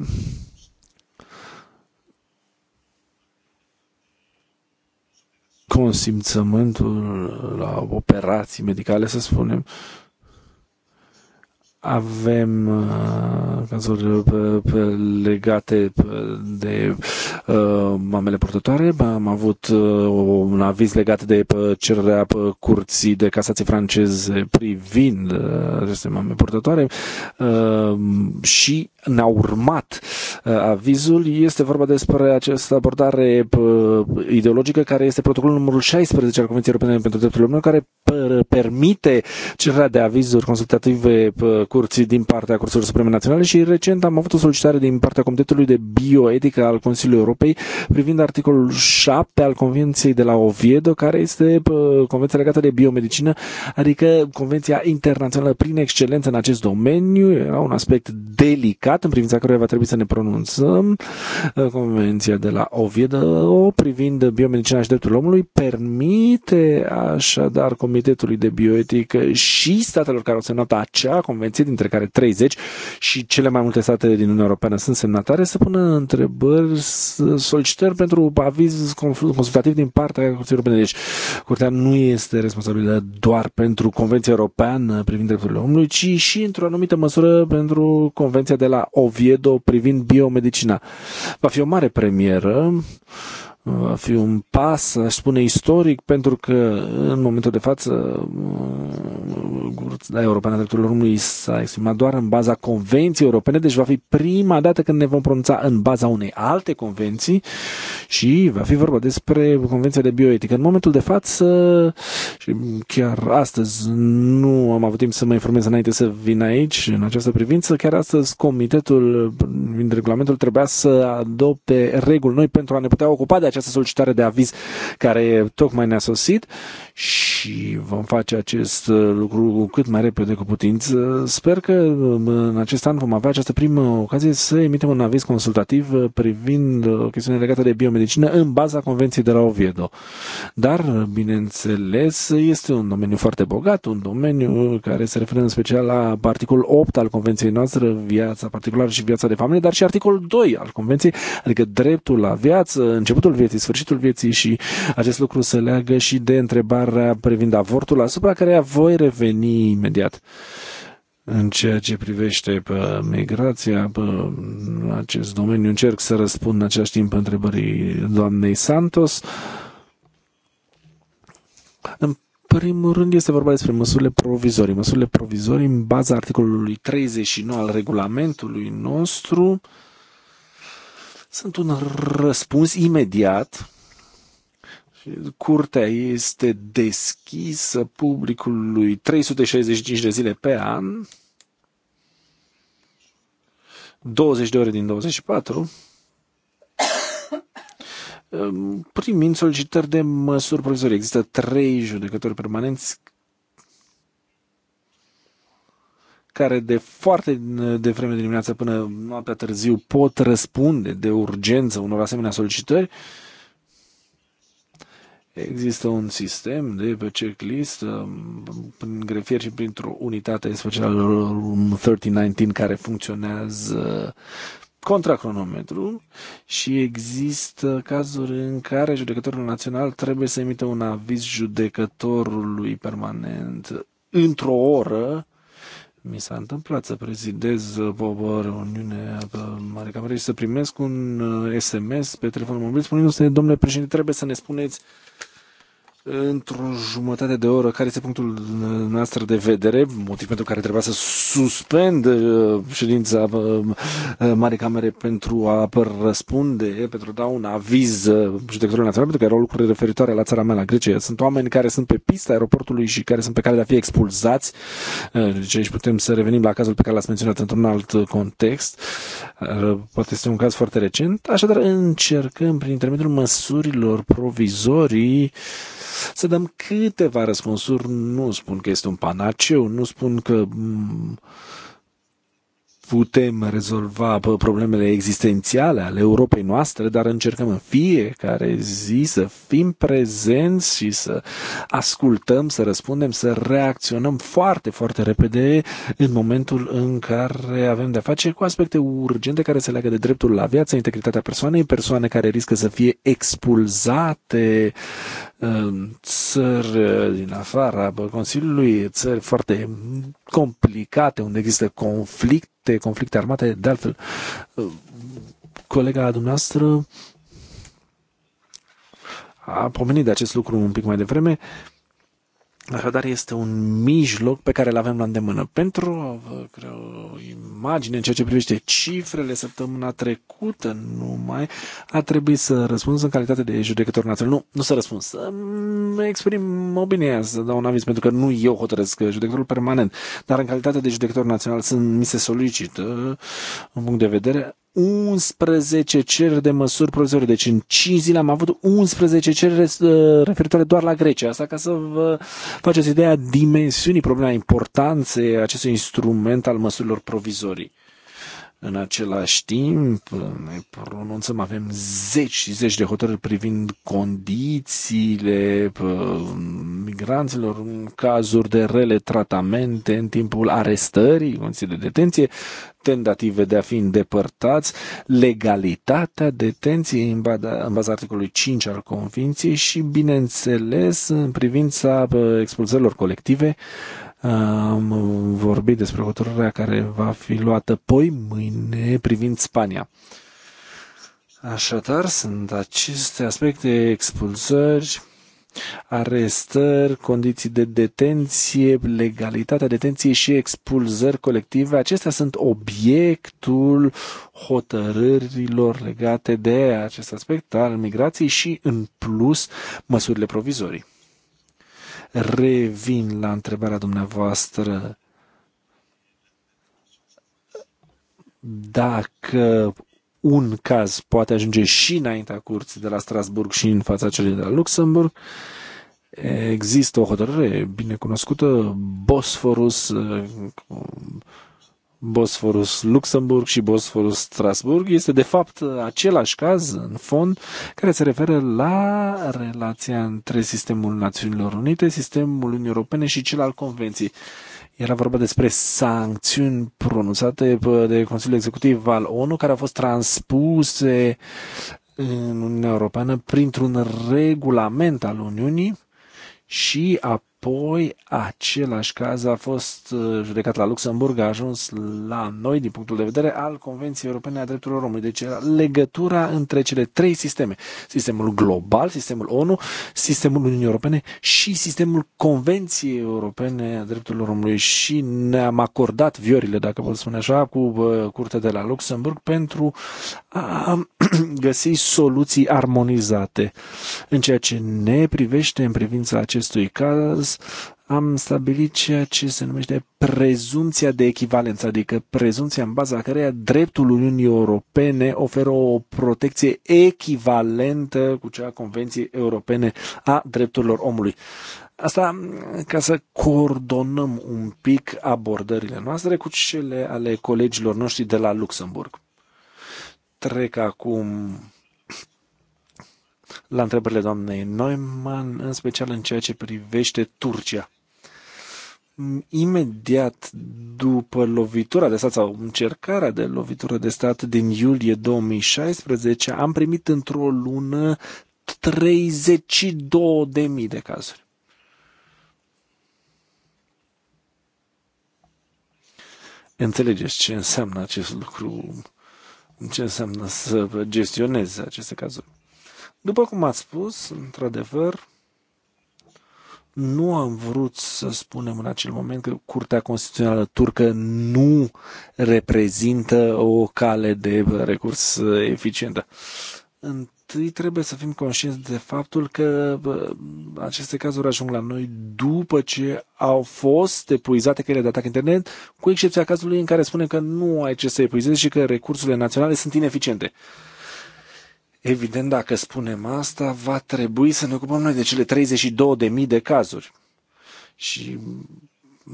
consimțământul la operații medicale, să spunem, avem uh, cazuri uh, legate uh, de mamele purtătoare. Am avut un aviz legat de cererea curții de casație franceze privind aceste mame purtătoare și ne-a urmat avizul. Este vorba despre această abordare ideologică care este protocolul numărul 16 al Convenției Europene pentru Drepturile Omului care permite cererea de avizuri consultative curții din partea Curților Supreme Naționale și recent am avut o solicitare din partea Comitetului de Bioetică al Consiliului Europei privind articolul 7 al Convenției de la Oviedo, care este convenția legată de biomedicină, adică convenția internațională prin excelență în acest domeniu. Era un aspect delicat în privința căruia va trebui să ne pronunțăm. Convenția de la Oviedo privind biomedicina și dreptul omului permite așadar Comitetului de Bioetică și statelor care au semnat acea convenție declarație, dintre care 30 și cele mai multe state din Uniunea Europeană sunt semnatare, să pună întrebări, solicitări pentru aviz consultativ din partea Curții Europene. Deci, Curtea nu este responsabilă doar pentru Convenția Europeană privind drepturile omului, ci și într-o anumită măsură pentru Convenția de la Oviedo privind biomedicina. Va fi o mare premieră va fi un pas, aș spune istoric, pentru că în momentul de față Curtea Europeană a Drepturilor Omului s-a exprimat doar în baza convenției europene, deci va fi prima dată când ne vom pronunța în baza unei alte convenții și va fi vorba despre Convenția de Bioetică. În momentul de față, și chiar astăzi nu am avut timp să mă informez înainte să vin aici, în această privință, chiar astăzi Comitetul, din regulamentul, trebuia să adopte reguli noi pentru a ne putea ocupa de această solicitare de aviz care tocmai ne-a sosit și vom face acest uh, lucru cât mai repede cu putință. Sper că um, în acest an vom avea această primă ocazie să emitem un aviz consultativ uh, privind uh, chestiune legată de biomedicină în baza Convenției de la Oviedo. Dar, bineînțeles, este un domeniu foarte bogat, un domeniu care se referă în special la articolul 8 al Convenției noastre, viața particulară și viața de familie, dar și articolul 2 al Convenției, adică dreptul la viață, începutul vieții, sfârșitul vieții și acest lucru se leagă și de întrebarea privind avortul, asupra care voi reveni imediat în ceea ce privește pe migrația, pe acest domeniu. Încerc să răspund în același timp întrebării doamnei Santos. În primul rând este vorba despre măsurile provizorii. Măsurile provizorii în baza articolului 39 al regulamentului nostru uh, sunt un răspuns imediat. Curtea este deschisă publicului 365 de zile pe an, 20 de ore din 24, primind solicitări de măsuri provizorii. Există trei judecători permanenți care de foarte de vreme de dimineață până noaptea târziu pot răspunde de urgență unor asemenea solicitări, Există un sistem de pe checklist prin grefier și printr-o unitate specială Room 3019 care funcționează contra cronometru și există cazuri în care judecătorul național trebuie să emite un aviz judecătorului permanent într-o oră mi s-a întâmplat să prezidez uh, o reuniune a uh, Mare Camere și să primesc un SMS uh, pe telefonul mobil spunându-se, domnule președinte, trebuie să ne spuneți într-o jumătate de oră care este punctul noastră de vedere, motiv pentru care trebuia să suspend uh, ședința uh, uh, mare Camere pentru a răspunde, pentru a da un aviz judecătorului național, pentru că erau lucruri referitoare la țara mea, la Grecia. Sunt oameni care sunt pe pista aeroportului și care sunt pe care de a fi expulzați. Deci aici putem să revenim la cazul pe care l-ați menționat într-un alt context. Poate este un caz foarte recent. Așadar, încercăm prin intermediul măsurilor provizorii să dăm câteva răspunsuri. Nu spun că este un panaceu, nu spun că mm, putem rezolva problemele existențiale ale Europei noastre, dar încercăm în fiecare zi să fim prezenți și să ascultăm, să răspundem, să reacționăm foarte, foarte repede în momentul în care avem de-a face cu aspecte urgente care se leagă de dreptul la viață, integritatea persoanei, persoane care riscă să fie expulzate țări uh, din afara Consiliului, țări foarte complicate, unde există conflicte, conflicte armate. De altfel, uh, colega dumneavoastră a pomenit de acest lucru un pic mai devreme. Așadar, este un mijloc pe care îl avem la îndemână. Pentru a vă crea o imagine în ceea ce privește cifrele săptămâna trecută numai, a trebuit să răspuns în calitate de judecător național. Nu, nu să răspuns. Să exprim opinia, să dau un aviz, pentru că nu eu hotărăsc judecătorul permanent, dar în calitate de judecător național sunt, mi se solicită, în punct de vedere, 11 cereri de măsuri provizorii. Deci în 5 zile am avut 11 cereri uh, referitoare doar la Grecia. Asta ca să vă faceți ideea dimensiunii, problema importanței acestui instrument al măsurilor provizorii. În același timp, ne pronunțăm, avem zeci și zeci de hotărâri privind condițiile migranților în cazuri de rele tratamente în timpul arestării, condiții de detenție, tentative de a fi îndepărtați, legalitatea detenției în, baza, în baza articolului 5 al Convenției și, bineînțeles, în privința expulzărilor colective, am vorbit despre hotărârea care va fi luată poi mâine privind Spania. Așadar, sunt aceste aspecte, expulzări, arestări, condiții de detenție, legalitatea detenției și expulzări colective. Acestea sunt obiectul hotărârilor legate de acest aspect al migrației și, în plus, măsurile provizorii revin la întrebarea dumneavoastră. Dacă un caz poate ajunge și înaintea curții de la Strasburg și în fața celei de la Luxemburg, există o hotărâre binecunoscută, Bosforus, Bosforus Luxemburg și Bosforus Strasburg este de fapt același caz în fond care se referă la relația între sistemul Națiunilor Unite, sistemul Uniunii Europene și cel al Convenției. Era vorba despre sancțiuni pronunțate de Consiliul Executiv al ONU care au fost transpuse în Uniunea Europeană printr-un regulament al Uniunii și a Apoi, același caz a fost uh, judecat la Luxemburg, a ajuns la noi din punctul de vedere al Convenției Europene a Drepturilor Omului. Deci era legătura între cele trei sisteme. Sistemul global, sistemul ONU, sistemul Uniunii Europene și sistemul Convenției Europene a Drepturilor Omului. Și ne-am acordat viorile, dacă pot spune așa, cu uh, Curtea de la Luxemburg pentru a găsi soluții armonizate. În ceea ce ne privește în privința acestui caz, sus, am stabilit ceea ce se numește prezumția de echivalență, adică prezumția în baza căreia dreptul Uniunii Europene oferă o protecție echivalentă cu cea a Convenției Europene a Drepturilor Omului. Asta ca să coordonăm un pic abordările noastre cu cele ale colegilor noștri de la Luxemburg. Trec acum la întrebările doamnei Neumann, în special în ceea ce privește Turcia. Imediat după lovitura de stat sau încercarea de lovitură de stat din iulie 2016, am primit într-o lună 32.000 de cazuri. Înțelegeți ce înseamnă acest lucru, ce înseamnă să gestionezi aceste cazuri. După cum ați spus, într-adevăr, nu am vrut să spunem în acel moment că Curtea Constituțională Turcă nu reprezintă o cale de recurs eficientă. Întâi trebuie să fim conștienți de faptul că aceste cazuri ajung la noi după ce au fost epuizate căile de atac internet, cu excepția cazului în care spune că nu ai ce să epuizezi și că recursurile naționale sunt ineficiente. Uh, Evident, dacă spunem asta, va trebui să ne ocupăm noi de cele 32.000 de cazuri. Și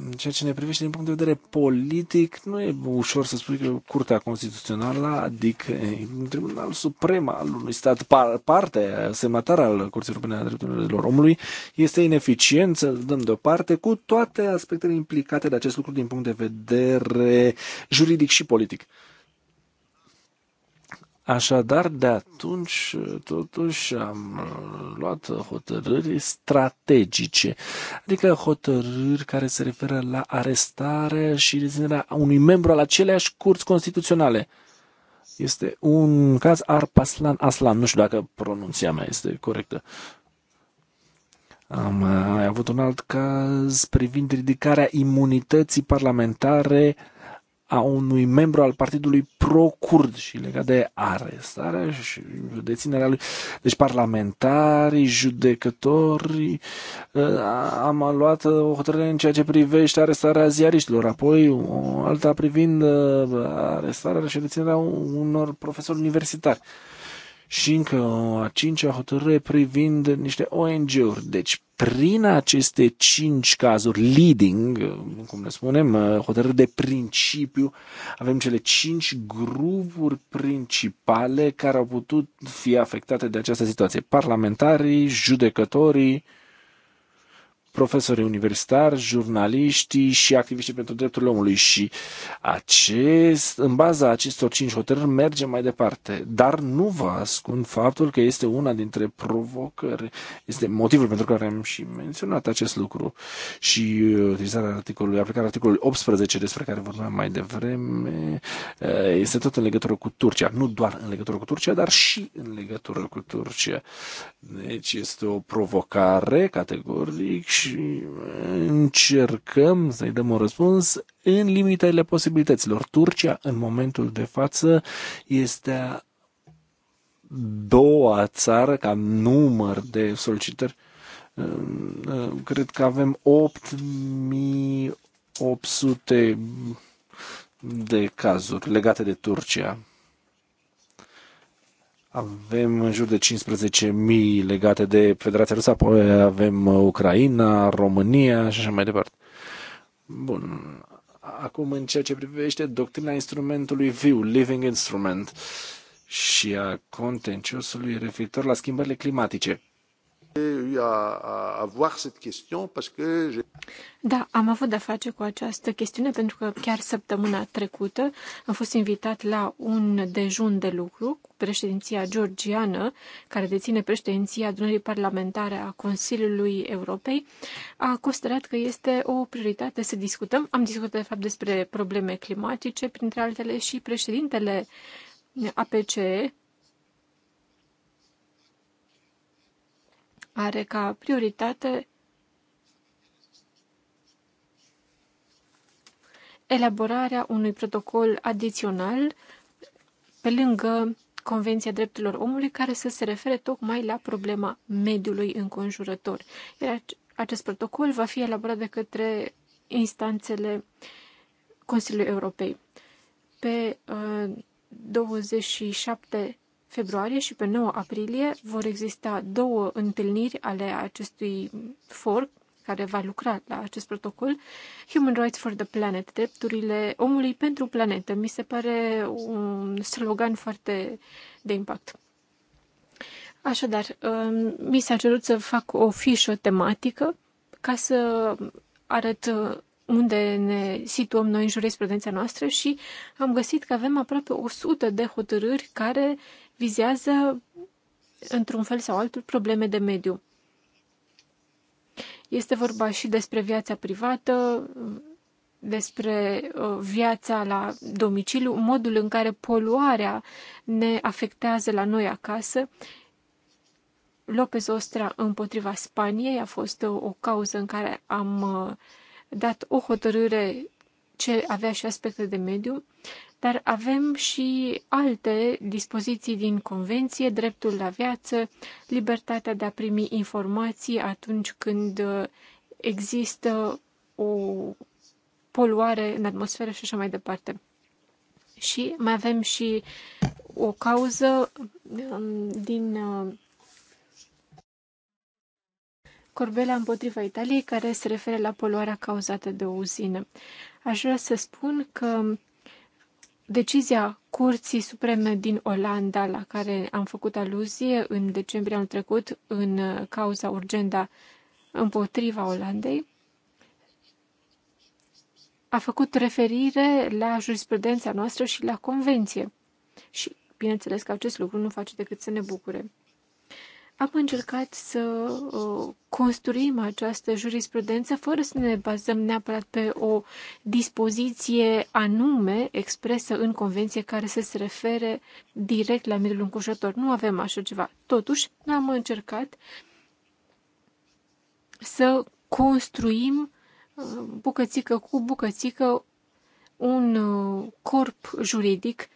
în ceea ce ne privește din punct de vedere politic, nu e ușor să spui că Curtea Constituțională, adică un tribunal suprem al unui stat, parte semnatar al Curții Europene a Drepturilor Omului, este ineficient să dăm deoparte cu toate aspectele implicate de acest lucru din punct de vedere juridic și politic. Așadar, de atunci, totuși, am uh, luat hotărâri strategice, adică hotărâri care se referă la arestare și reținerea unui membru al aceleași curți constituționale. Este un caz Arpaslan Aslan, nu știu dacă pronunția mea este corectă. Am uh, avut un alt caz privind ridicarea imunității parlamentare uh, a unui membru al partidului pro-curd și legat de arestarea și deținerea lui. Deci parlamentarii, judecători, eh, am luat eh, o hotărâre în ceea ce privește arestarea ziariștilor, apoi o alta privind eh, arestarea și deținerea unor profesori universitari și încă o a cincea hotărâre privind niște ONG-uri. Deci, prin aceste cinci cazuri leading, cum le spunem, uh, hotărâri de principiu, avem cele cinci grupuri principale care au putut fi afectate de această situație. Parlamentarii, judecătorii, profesorii universitari, jurnaliștii și activiștii pentru drepturile omului și acest, în baza acestor cinci hotărâri mergem mai departe. Dar nu vă ascund faptul că este una dintre provocări, este motivul pentru care am și menționat acest lucru și uh, utilizarea articolului, aplicarea articolului 18 despre care vorbeam mai devreme uh, este tot în legătură cu Turcia, nu doar în legătură cu Turcia, dar și în legătură cu Turcia. Deci este o provocare categoric și încercăm să-i dăm un răspuns în limitele posibilităților. Turcia, în momentul de față, este a doua țară ca număr de solicitări. Cred că avem 8800 de cazuri legate de Turcia. Avem în jur de 15.000 legate de Federația Rusă, apoi avem uh, Ucraina, România și așa mai departe. Bun. Acum, în ceea ce privește doctrina instrumentului viu, living instrument, și a contenciosului referitor la schimbările climatice.
Da, am avut de-a face cu această chestiune pentru că chiar săptămâna trecută am fost invitat la un dejun de lucru cu președinția georgiană, care deține președinția adunării parlamentare a Consiliului Europei. A considerat că este o prioritate să discutăm. Am discutat, de fapt, despre probleme climatice, printre altele, și președintele APCE, are ca prioritate elaborarea unui protocol adițional pe lângă Convenția Drepturilor Omului care să se refere tocmai la problema mediului înconjurător. Iar acest protocol va fi elaborat de către instanțele Consiliului Europei. Pe 27 uh, februarie și pe 9 aprilie vor exista două întâlniri ale acestui for care va lucra la acest protocol, Human Rights for the Planet, drepturile omului pentru planetă. Mi se pare un slogan foarte de impact. Așadar, um, mi s-a cerut să fac o fișă tematică ca să arăt uh, unde ne situăm noi în jurisprudența noastră și am găsit că avem aproape 100 de hotărâri care vizează, într-un fel sau altul, probleme de mediu. Este vorba și despre viața privată, despre uh, viața la domiciliu, modul în care poluarea ne afectează la noi acasă. Lopez Ostra împotriva Spaniei a fost uh, o cauză în care am uh, dat o hotărâre ce avea și aspecte de mediu dar avem și alte dispoziții din Convenție, dreptul la viață, libertatea de a primi informații atunci când există o poluare în atmosferă și așa mai departe. Și mai avem și o cauză um, din uh, Corbela împotriva Italiei, care se referă la poluarea cauzată de o uzină. Aș vrea să spun că Decizia Curții Supreme din Olanda, la care am făcut aluzie în decembrie anul trecut, în cauza urgenda împotriva Olandei, a făcut referire la jurisprudența noastră și la convenție. Și bineînțeles că acest lucru nu face decât să ne bucure. Am încercat să uh, construim această jurisprudență fără să ne bazăm neapărat pe o dispoziție anume expresă în convenție care să se refere direct la mediul înconjurător. Nu avem așa ceva. Totuși, am încercat să construim uh, bucățică cu bucățică un uh, corp juridic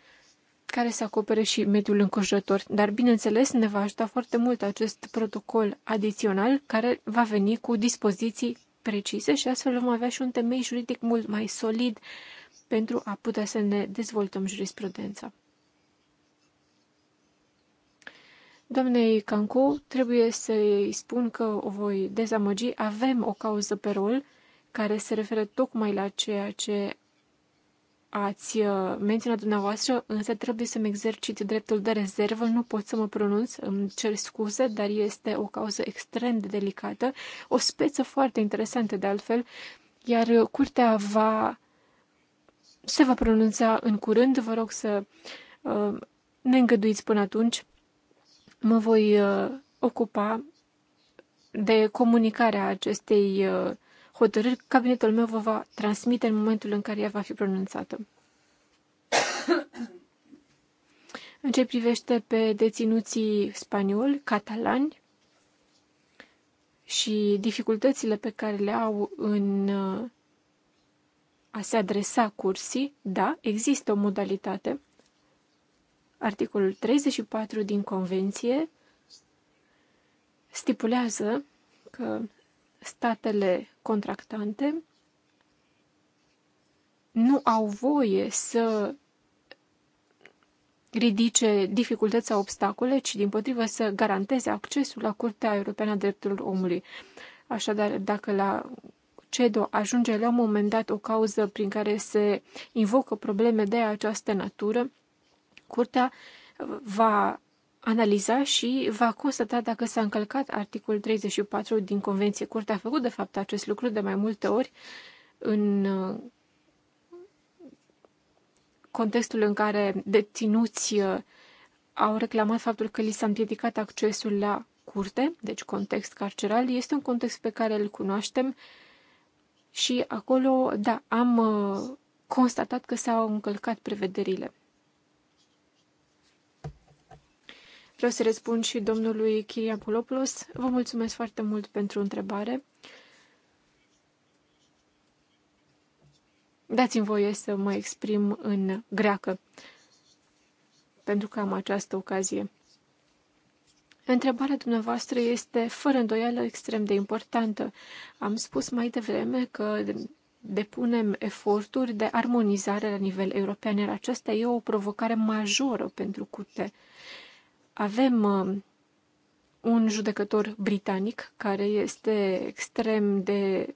care să acopere și mediul înconjurător. Dar, bineînțeles, ne va ajuta foarte mult acest protocol adițional care va veni cu dispoziții precise și astfel vom avea și un temei juridic mult mai solid pentru a putea să ne dezvoltăm jurisprudența. Doamnei Cancu, trebuie să-i spun că o voi dezamăgi. Avem o cauză pe rol care se referă tocmai la ceea ce ați uh, menționat dumneavoastră, însă trebuie să-mi exercit dreptul de rezervă, nu pot să mă pronunț, îmi cer scuze, dar este o cauză extrem de delicată, o speță foarte interesantă de altfel, iar uh, curtea va se va pronunța în curând, vă rog să uh, ne îngăduiți până atunci. Mă voi ocupa de comunicarea acestei uh, hotărâri, cabinetul meu vă va transmite în momentul în care ea va fi pronunțată. în ce privește pe deținuții spanioli, catalani și dificultățile pe care le au în uh, a se adresa cursii, da, există o modalitate. Articolul 34 din Convenție stipulează că statele contractante nu au voie să ridice dificultăți sau obstacole, ci din potrivă să garanteze accesul la Curtea Europeană a Drepturilor Omului. Așadar, dacă la CEDO ajunge la un moment dat o cauză prin care se invocă probleme de această natură, Curtea va analiza și va constata dacă s-a încălcat articolul 34 din Convenție. Curtea a făcut, de fapt, acest lucru de mai multe ori în uh, contextul în care deținuți uh, au reclamat faptul că li s-a împiedicat accesul la curte, deci context carceral, este un context pe care îl cunoaștem și acolo, da, am uh, constatat că s-au încălcat prevederile. Vreau să răspund și domnului Chiriapolopoulos. Vă mulțumesc foarte mult pentru întrebare. Dați-mi voie să mă exprim în greacă, pentru că am această ocazie. Întrebarea dumneavoastră este, fără îndoială, extrem de importantă. Am spus mai devreme că depunem eforturi de armonizare la nivel european, iar aceasta e o provocare majoră pentru curte avem uh, un judecător britanic care este extrem de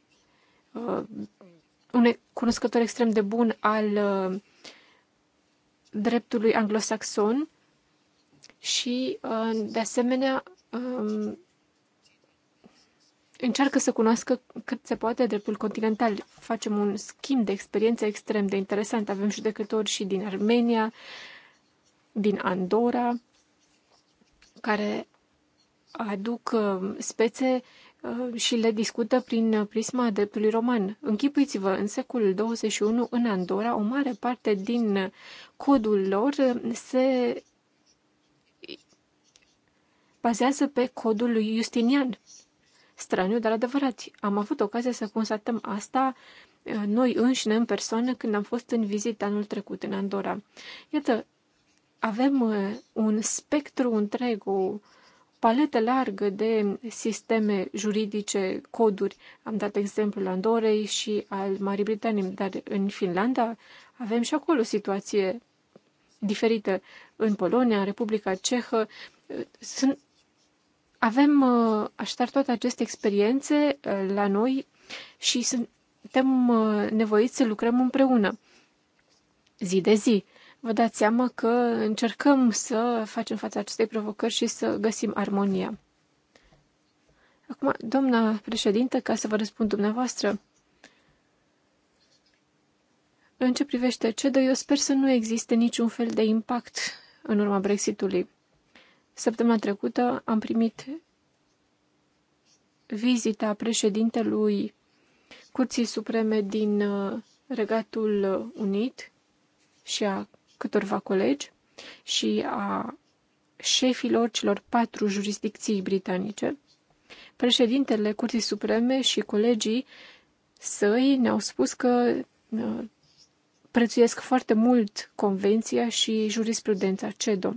uh, un cunoscător extrem de bun al uh, dreptului anglosaxon și, de asemenea, um, încearcă să cunoască cât se poate dreptul continental. Facem un schimb de experiențe extrem de interesant. Avem judecători și din Armenia, din Andorra, care aduc uh, spețe uh, și le discută prin uh, prisma dreptului roman. Închipuiți-vă, în secolul 21, în Andorra, o mare parte din codul lor se bazează pe codul lui Justinian. Straniu, dar adevărat. Am avut ocazia să constatăm asta noi înșine în persoană când am fost în vizită anul trecut în Andorra. Iată, avem uh, un spectru întreg, o paletă largă de sisteme juridice, coduri. Am dat exemplul Andorei și al Marii Britanii, dar în Finlanda avem și acolo o situație diferită. În Polonia, în Republica Cehă, uh, sunt, avem uh, așadar toate aceste experiențe la noi și suntem nevoiți să lucrăm împreună, zi de zi vă dați seama că încercăm să facem fața acestei provocări și să găsim armonia. Acum, doamna președintă, ca să vă răspund dumneavoastră, în ce privește CEDO, eu sper să nu existe niciun fel de impact în urma Brexitului. Săptămâna trecută am primit vizita președintelui Curții Supreme din uh, Regatul Unit și a câtorva colegi și a șefilor celor patru jurisdicții britanice, președintele Curții Supreme și colegii săi ne-au spus că uh, prețuiesc foarte mult convenția și jurisprudența CEDO.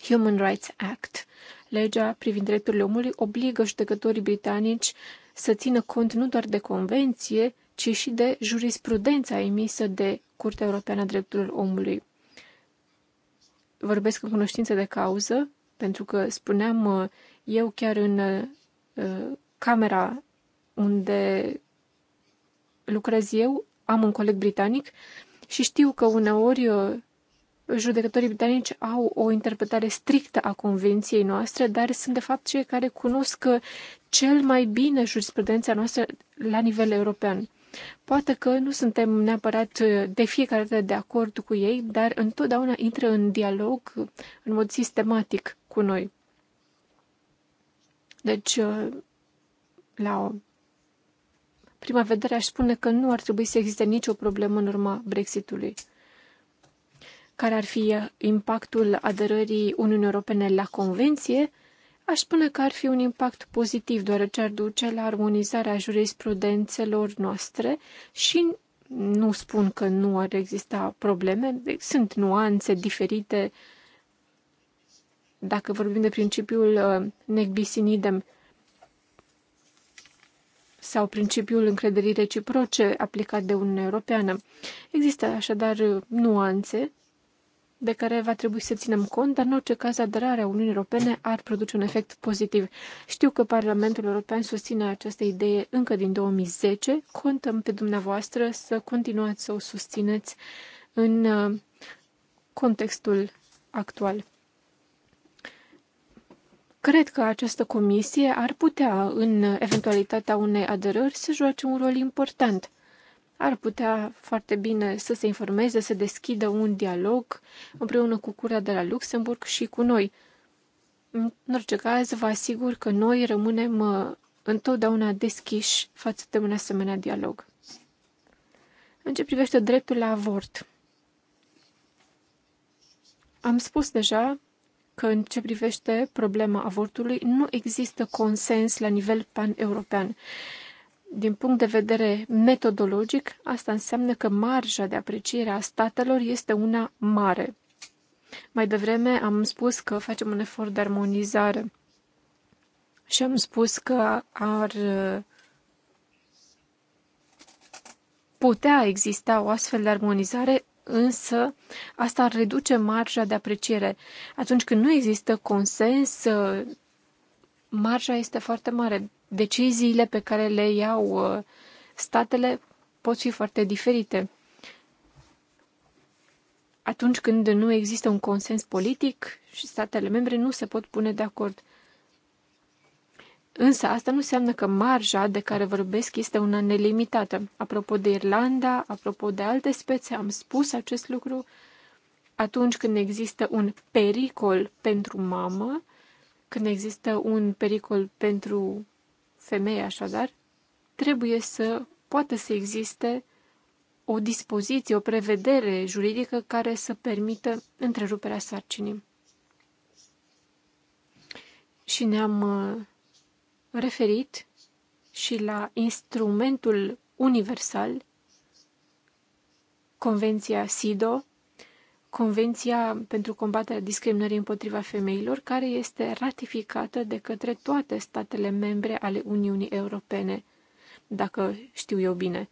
Human Rights Act, legea privind drepturile omului, obligă judecătorii britanici să țină cont nu doar de convenție, ci și de jurisprudența emisă de Curtea Europeană a Drepturilor Omului. Vorbesc în cunoștință de cauză, pentru că spuneam uh, eu chiar în uh, camera unde lucrez eu, am un coleg britanic și știu că uneori uh, judecătorii britanici au o interpretare strictă a convenției noastre, dar sunt de fapt cei care cunosc cel mai bine jurisprudența noastră la nivel european. Poate că nu suntem neapărat uh, de fiecare dată de acord cu ei, dar întotdeauna intră în dialog uh, în mod sistematic cu noi. Deci, uh, la o prima vedere aș spune că nu ar trebui să existe nicio problemă în urma Brexitului. Care ar fi impactul aderării Uniunii Europene la Convenție? Aș spune că ar fi un impact pozitiv, deoarece ar duce la armonizarea jurisprudențelor noastre și nu spun că nu ar exista probleme, sunt nuanțe diferite. Dacă vorbim de principiul uh, necbisinidem sau principiul încrederii reciproce aplicat de Uniunea Europeană, există așadar uh, nuanțe de care va trebui să ținem cont, dar în orice caz aderarea Uniunii Europene ar produce un efect pozitiv. Știu că Parlamentul European susține această idee încă din 2010. Contăm pe dumneavoastră să continuați să o susțineți în uh, contextul actual. Cred că această comisie ar putea, în eventualitatea unei aderări, să joace un rol important ar putea foarte bine să se informeze, să deschidă un dialog împreună cu Curia de la Luxemburg și cu noi. În orice caz, vă asigur că noi rămânem uh, întotdeauna deschiși față de un asemenea dialog. În ce privește dreptul la avort, am spus deja că în ce privește problema avortului nu există consens la nivel pan-european din punct de vedere metodologic, asta înseamnă că marja de apreciere a statelor este una mare. Mai devreme am spus că facem un efort de armonizare și am spus că ar putea exista o astfel de armonizare, însă asta ar reduce marja de apreciere. Atunci când nu există consens, marja este foarte mare deciziile pe care le iau uh, statele pot fi foarte diferite. Atunci când nu există un consens politic și statele membre nu se pot pune de acord. Însă asta nu înseamnă că marja de care vorbesc este una nelimitată. Apropo de Irlanda, apropo de alte spețe, am spus acest lucru atunci când există un pericol pentru mamă, când există un pericol pentru femeie așadar, trebuie să poată să existe o dispoziție, o prevedere juridică care să permită întreruperea sarcinii. Și ne-am uh, referit și la instrumentul universal, Convenția SIDO, Convenția pentru combaterea discriminării împotriva femeilor, care este ratificată de către toate statele membre ale Uniunii Europene, dacă știu eu bine.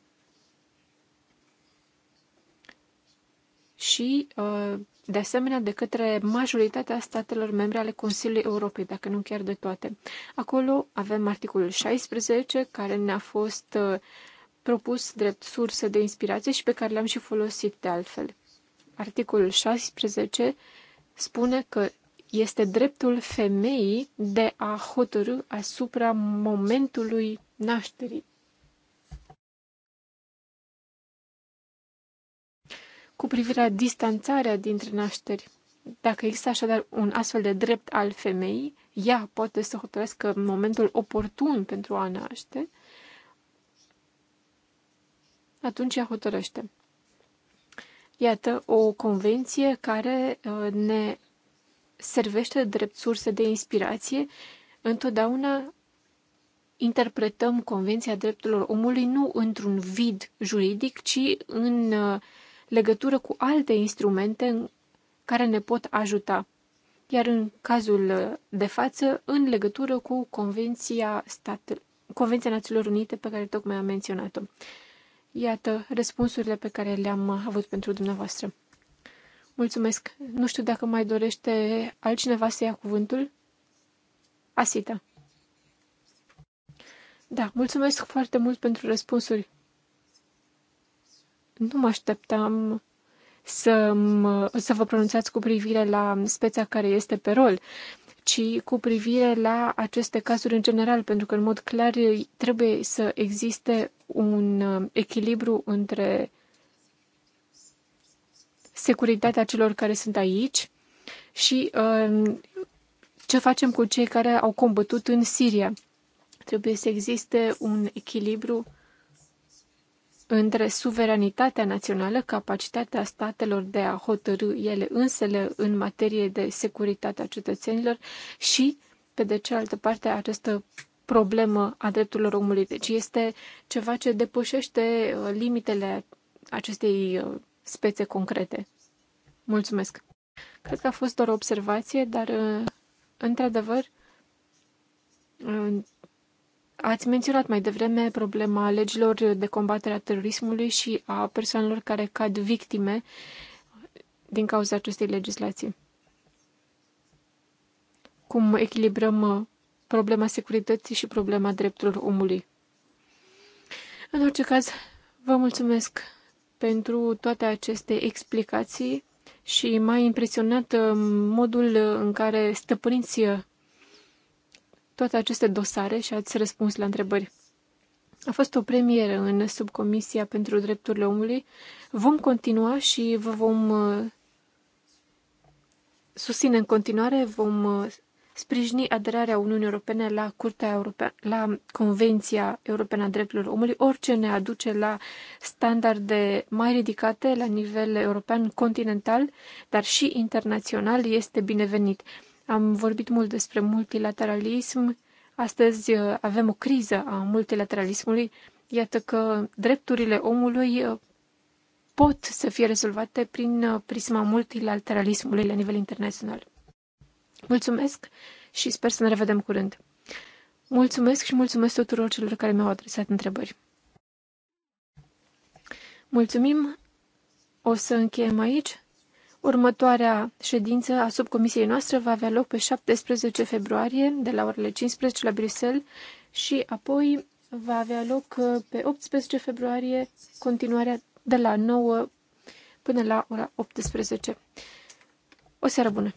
Și, uh, de asemenea, de către majoritatea statelor membre ale Consiliului Europei, dacă nu chiar de toate. Acolo avem articolul 16, care ne-a fost uh, propus drept sursă de inspirație și pe care l-am și folosit de altfel. Articolul 16 spune că este dreptul femeii de a hotărâ asupra momentului nașterii. Cu privire la distanțarea dintre nașteri, dacă există așadar un astfel de drept al femeii, ea poate să hotărească momentul oportun pentru a naște, atunci ea hotărăște. Iată o convenție care uh, ne servește drept sursă de inspirație. Întotdeauna interpretăm Convenția Drepturilor Omului nu într-un vid juridic, ci în uh, legătură cu alte instrumente care ne pot ajuta. Iar în cazul uh, de față, în legătură cu Convenția, Stat- Convenția Națiunilor Unite pe care tocmai am menționat-o. Iată răspunsurile pe care le-am avut pentru dumneavoastră. Mulțumesc. Nu știu dacă mai dorește altcineva să ia cuvântul. Asita. Da, mulțumesc foarte mult pentru răspunsuri. Nu mă așteptam să, mă, să vă pronunțați cu privire la speța care este pe rol, ci cu privire la aceste cazuri în general, pentru că, în mod clar, trebuie să existe un uh, echilibru între securitatea celor care sunt aici și uh, ce facem cu cei care au combătut în Siria. Trebuie să existe un echilibru între suveranitatea națională, capacitatea statelor de a hotărâ ele însele în materie de securitate a cetățenilor și, pe de cealaltă parte, această problemă a drepturilor omului, deci este ceva ce depășește uh, limitele acestei uh, spețe concrete. Mulțumesc! Cred că a fost doar o observație, dar, uh, într-adevăr, ați menționat mai devreme problema legilor de combatere a terorismului și a persoanelor care cad victime din cauza acestei legislații. Cum echilibrăm problema securității și problema drepturilor omului. În orice caz, vă mulțumesc pentru toate aceste explicații și m-a impresionat uh, modul în care stăpâniți uh, toate aceste dosare și ați răspuns la întrebări. A fost o premieră în subcomisia pentru drepturile omului. Vom continua și vă vom uh, susține în continuare, vom sprijini aderarea Uniunii Europene la Curtea Europeană, la Convenția Europeană a Drepturilor Omului, orice ne aduce la standarde mai ridicate la nivel european, continental, dar și internațional, este binevenit. Am vorbit mult despre multilateralism. Astăzi uh, avem o criză a multilateralismului. Iată că drepturile omului uh, pot să fie rezolvate prin uh, prisma multilateralismului la nivel internațional. Mulțumesc și sper să ne revedem curând. Mulțumesc și mulțumesc tuturor celor care mi-au adresat întrebări. Mulțumim. O să încheiem aici. Următoarea ședință a subcomisiei noastre va avea loc pe 17 februarie de la orele 15 la Bruxelles și apoi va avea loc uh, pe 18 februarie continuarea de la 9 până la ora 18. O seară bună!